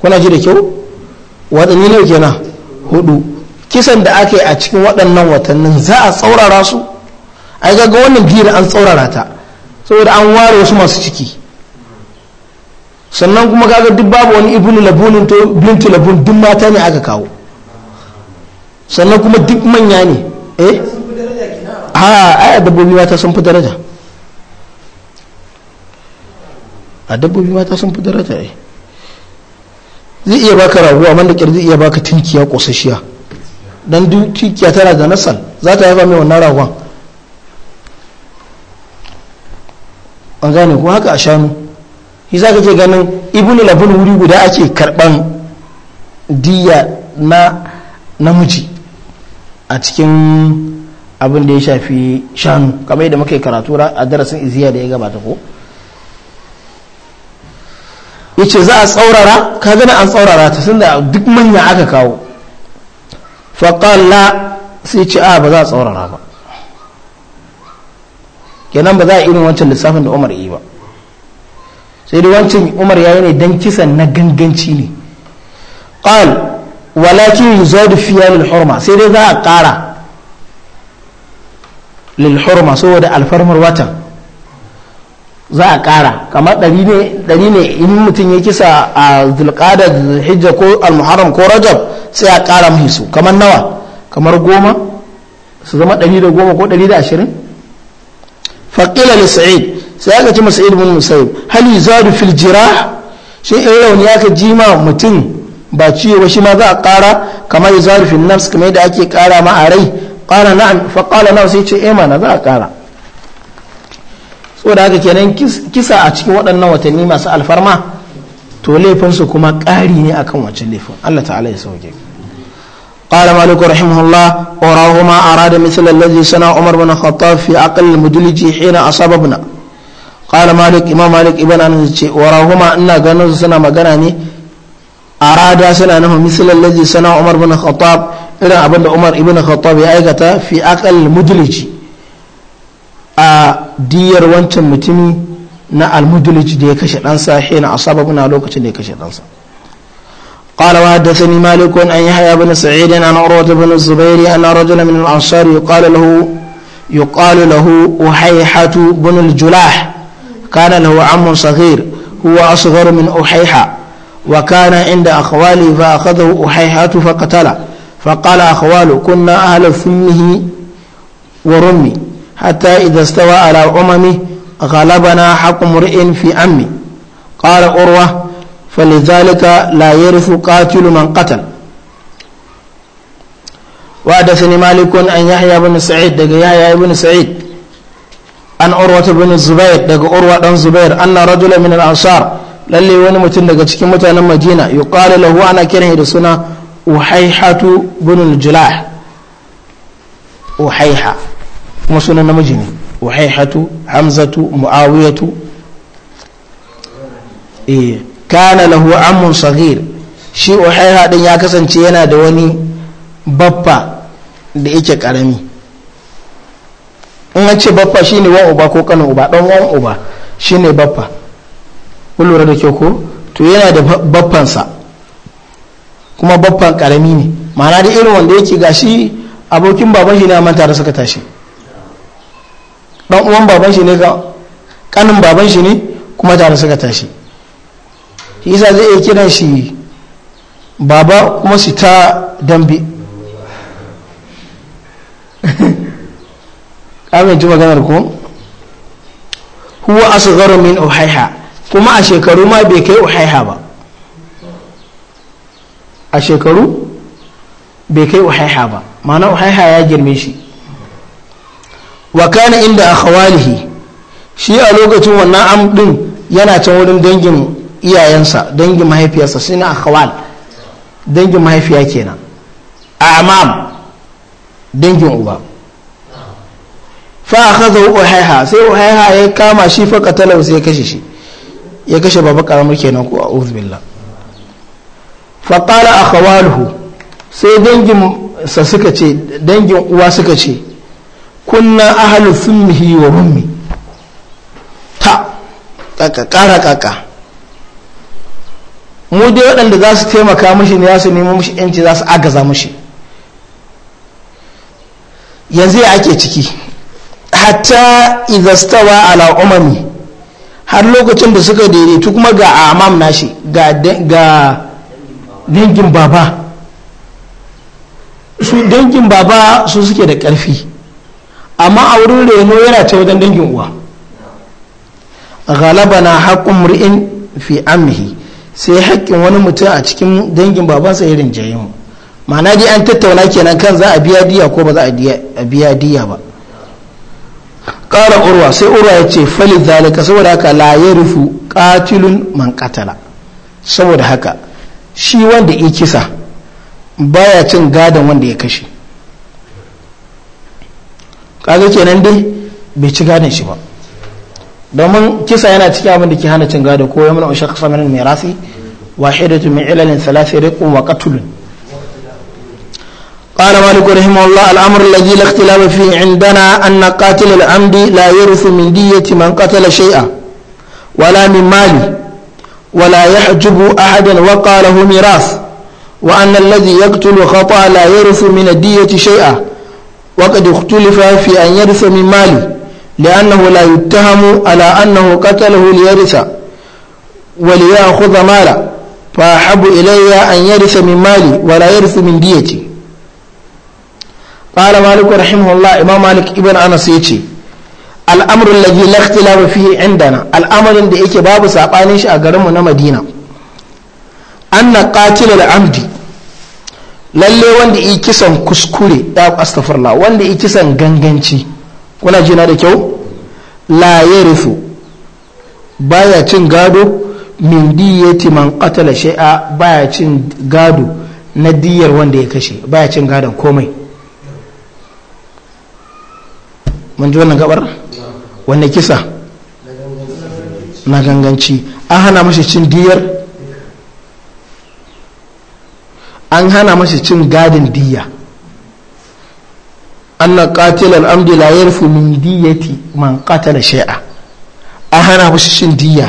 kuna ji da kyau watanni ne kenan hudu kisan da aka yi a cikin waɗannan watannin za a tsaurara su ai ga wannan biyar an tsaurara ta saboda an ware wasu masu ciki sannan kuma kaga duk babu wani ibnu labunin to bintu labun duk mata ne aka kawo sannan kuma duk manya ne eh ha ai dabbobi mata sun fi daraja a dabbobi mata sun fi daraja eh zai iya baka rago amma da kyar zai iya baka tunkiya kosasshiya dan duk tinkiya tana da nasal za ta haifa mai wannan ragon an gane ko haka a shanu shi za ka ke ganin ibn labun wuri guda ake karban diya na namiji a cikin abin da ya shafi shanu kamar yadda muka yi karatu a darasin iziya da ya gabata ko yace za a tsaurara ka gana an tsaurara ta da duk manya aka kawo faƙalla sai ce a ba za a tsaurara ba kenan ba za a irin wancan lissafin da umar yi ba sai da wancan umar ya yi ne don kisan na ganganci ne ƙal walakin zo fiya lil hurma sai dai za a ƙara lil saboda alfarmar watan za a ƙara kamar ɗari ne in mutum ya kisa a zulƙada da hijja ko al-muharram ko rajab sai a ƙara mai su kamar nawa kamar goma su zama ɗari da goma ko ɗari da ashirin faƙila li sa'id sai aka ci masa'id bin musayib hal yuzadu fil jirah shi in rauni aka jima mutum ba ciwo ba shi ma za a ƙara kamar yuzadu fil nafs kamar yadda ake ƙara ma a rai ƙara na'am fa na'am sai ce eh mana za a ƙara so da haka kenan kisa a cikin waɗannan watanni masu alfarma to laifinsu kuma ƙari ne akan wancan laifin Allah ta'ala ya sauke قال مالك رحمه الله وراهما أراد مثل الذي سنى عمر بن الخطاب في عقل المدلج حين أصاب ابنه قال مالك إمام مالك ابن أنس وراه ما أن غنوز سنى مغناني أراد سنى أنه مثل الذي سنى عمر بن الخطاب إلى أبن عمر ابن الخطاب أيكتا في عقل المدلج a diyar wancan mutumi na almudulici da ya kashe ɗansa hina asaba muna lokacin da ya kashe ɗansa قال وحدثني مالك أن يحيى بن سعيد عن عروة بن الزبير أن رجلا من الأنصار يقال له يقال له أحيحة بن الجلاح كان له عم صغير هو أصغر من أحيحة وكان عند أخواله فأخذه أحيحة فقتله فقال أخواله كنا أهل فمه ورمي حتى إذا استوى على أممه غلبنا حق امرئ في عمي قال أروة فلذلك لا يرث قاتل من قتل وحدثني مالك أن يحيى بن سعيد دق يحيى بن سعيد أن أروة بن الزبير دق أروة بن الزبير أن رجل من الأنصار للي ونمتن دق تكيمة مدينة يقال له أنا كره لسنة أحيحة بن الجلاح أحيحة kuma sunan namiji ne wahaihatu hamzatu mu'awiyatu eh kana lahu ammun saghir shi wahaiha din ya kasance yana da wani baffa da yake karami in ce baffa shine wan uba ko kanin uba dan wan uba shine baffa kun lura da kyau ko to yana da baffansa kuma baffan karami ne ma'ana da irin wanda yake gashi abokin baban shi na manta da suka tashi dan uwan baban shi ne ka kanin baban shi ne kuma tare suka tashi shi yasa zai iya kiran shi baba kuma su ta dambe ƙamin ji maganar ko huwa asgharu min uhaiha kuma a shekaru ma bai kai uhaiha ba a shekaru bai kai uhaiha ba ma'ana uhaiha ya girme shi wa kana inda akhawalihi shi a lokacin wannan am din yana can wurin dangin iyayensa dangin mahaifiyarsa shine akhawal dangin mahaifiya kenan amam dangin uba fa akhadha uhaiha sai uhaiha ya kama shi fa qatalahu sai ya kashe shi ya kashe baba karamar kenan ko a'udhu billah fa qala akhawaluhu sai dangin sa suka ce dangin uwa suka ce kunna ahalu mihi wa mummi ta kaka kara kaka mu dai waɗanda za su taimaka mashi ne su nemo mashi yanci za su agaza mashi yanzu ya ake ciki hatta idastawa ala umami har lokacin da suka daidaitu kuma ga amam nashi ga dangin baba su dangin baba su suke da ƙarfi amma a wurin reno yana ce wajen dangin uwa galaba na haƙƙun mur'in fi amhi sai haƙƙin wani mutum a cikin dangin babansa ya rinjaye mu ma'ana dai an tattauna kenan kan za a biya diya ko ba za a biya diya ba ƙara urwa sai urwa ya ce falin zalika saboda haka la ya rufu ƙatilun man ƙatala saboda haka shi wanda ya kisa baya cin gadon wanda ya kashe kaga kenan dai bai ci gadon shi ba domin kisa yana cikin abin da ke hana cin gado ko yamna ushaq samanin mirasi wahidatu min ilalin salasi riqun wa qatlun قال مالك رحمه الله الأمر الذي لا اختلاف فيه عندنا أن قاتل العمد لا يرث من دية من قتل شيئا ولا من مال ولا يحجب أحدا وقع له ميراث وأن الذي يقتل خطأ لا يرث من الدية شيئا وقد اختلف في أن يرث من ماله لأنه لا يتهم على أنه قتله ليرث وليأخذ ماله فأحب إلي أن يرث من مالي ولا يرث من ديتي قال مالك رحمه الله إمام مالك ابن أنس يتي الأمر الذي لا اختلاف فيه عندنا الأمر الذي يكي باب سابانيش أقرم مدينة أن قاتل العمد lalle wanda yi kisan kuskure ya astaghfirullah wanda yi kisan ganganci kuna jina da kyau la baya cin gado min diyati man qatala shay'a baya cin gado na diyar wanda ya kashe baya cin gadon komai mun ji wannan gabar wannan kisa na ganganci an hana mashi cin diyar an hana mashi cin gadin diya anna qatilan amdi la yarfu min diyati man qatala shay'a an hana mashi cin diya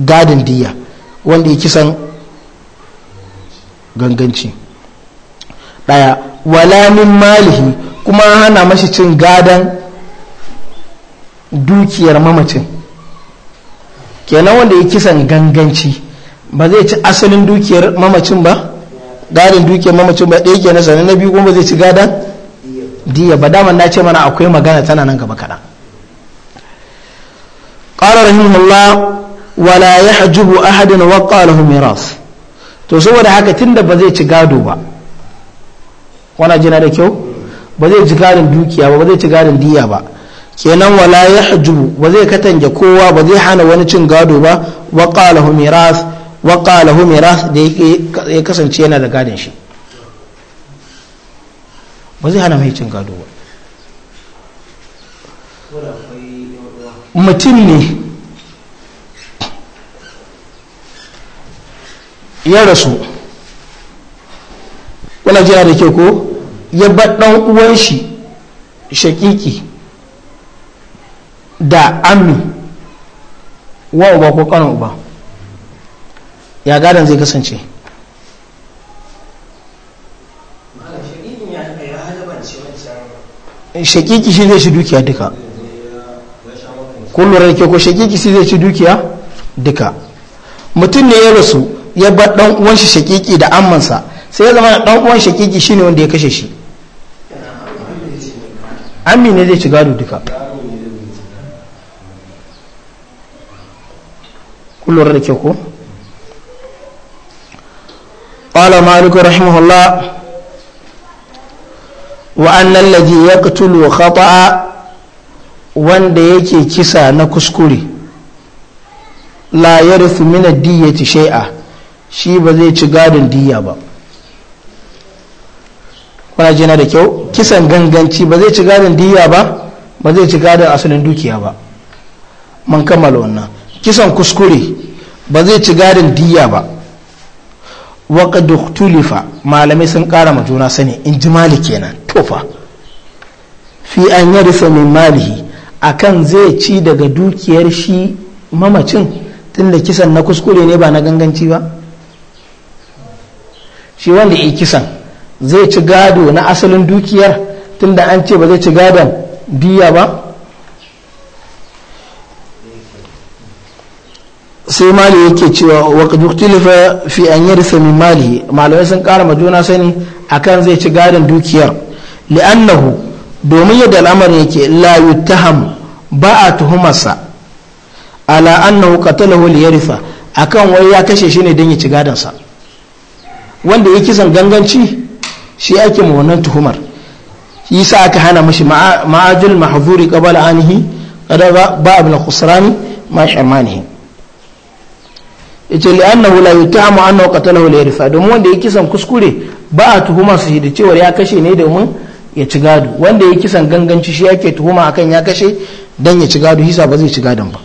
gadin diya wanda ya kisan ganganci daya wala min malihi kuma an hana mashi cin gadan dukiyar mamacin kenan wanda ya kisan ganganci ba zai ci asalin dukiyar mamacin ba gadin duke mamacin ba ɗaya kenan sannan na biyu kuma zai ci gadan diya ba daman na ce mana akwai magana tana nan gaba kaɗan قال رحمه الله ولا يحجب أحد waƙa alhu miras to saboda haka tunda ba zai ci gado ba wana jina da kyau ba zai ci garin dukiya ba ba zai ci garin diya ba kenan wala yahjubu ba zai katange kowa ba zai hana wani cin gado ba waƙa alhu miras waƙa lahu da ya kasance yana da gadin shi ba zai hana mai cin gado ba mutum ne ya rasu wani jira da ke ko ya baɗan uwan shi shakiki da ammi wa uba ko kanan uba ya gadon zai kasance shakiki shi zai shi dukiya duka kullum ke ko shakiki shi zai shi dukiya duka mutum ne ya rasu ya bar dan uwan shi shakiki da ammansa sai ya zama dan uwan shakiki shine wanda ya kashe shi ammi zai ci gado duka kullum ke ko قال مالك رحمه الله وأن الذي يقتل خطأ wanda yake kisa na kuskure يرث من الدية shai'a shi ba zai ci gadin diyya ba kuna jina da kyau kisan ganganci ba zai ci gadin diyya ba ba zai ci gadin asalin dukiya ba man kammala wannan kisan kuskure ba zai ci gadin diyya ba waka tulifa malamai sun kara ma juna sani in ji mali kenan tofa fi an yarisa min malihi akan zai ci daga dukiyar shi mamacin tun da kisan na kuskure ne ba na ganganci ba shi wanda ya kisan zai ci gado na asalin dukiyar tunda an ce ba zai ci gadon biya ba sai mali yake cewa wa qadukhtilifa fi an yarsa min mali malamai sun kara ma juna sani akan zai ci gadon dukiyar li'annahu domin yadda al'amarin yake la ham ba a tuhumarsa ala annahu qatalahu li yarfa akan wai ya kashe shi ne don ya ci gadon sa wanda ya kisan ganganci shi ake ma wannan tuhumar yasa aka hana mashi ma'ajul mahzuri qabala anhi qad ba abul khusrani ma yace li annahu la yutamu annahu qatalahu li yarfa domin wanda ya kisan kuskure ba a tuhuma su da cewa ya kashe ne domin ya ci gado wanda ya kisan ganganci shi yake tuhuma akan ya kashe dan ya ci gado hisa ba zai ci gadon ba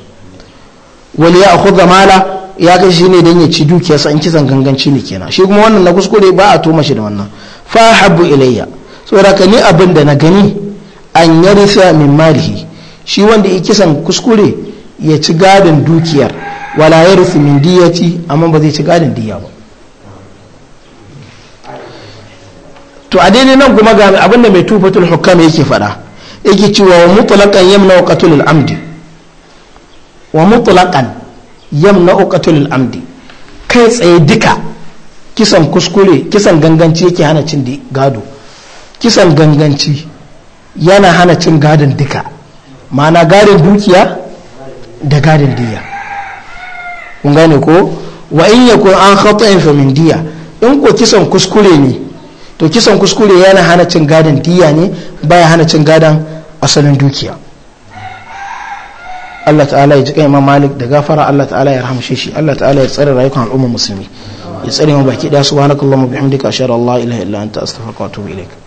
wali ya akhudha mala ya kashe ne dan ya ci dukiyarsa in kisan ganganci ne kenan shi kuma wannan na kuskure ba a tuhuma shi da wannan fa habbu ilayya saboda ka ni abin da na gani an yarisa min malihi shi wanda ya kisan kuskure ya ci gadon dukiyar wala ya rufi min diyati amma ba zai ci gadin diya ba to a daidai nan kuma ga abin da mai tufatul hukama yake faɗa yake cewa wa mutlaqan yamna qatlul amdi wa mutlaqan yamna qatlul amdi kai tsaye duka kisan kuskure kisan ganganci yake hana cin gado kisan ganganci yana hana cin gadin duka ma'ana gadin dukiya da gadin diya kun gane ko wa in ya yakun an khata'in fa min diya in ko kisan kuskure ne to kisan kuskure yana hana cin gadon diya ne baya hana cin gadon asalin dukiya Allah ta'ala ya jika imam malik da gafara Allah ta'ala ya rahamshe shi Allah ta'ala ya tsare rayukan al'ummar musulmi ya tsare mu baki daya subhanakallahumma bihamdika ashhadu an la ilaha illa anta astaghfiruka wa atubu ilaik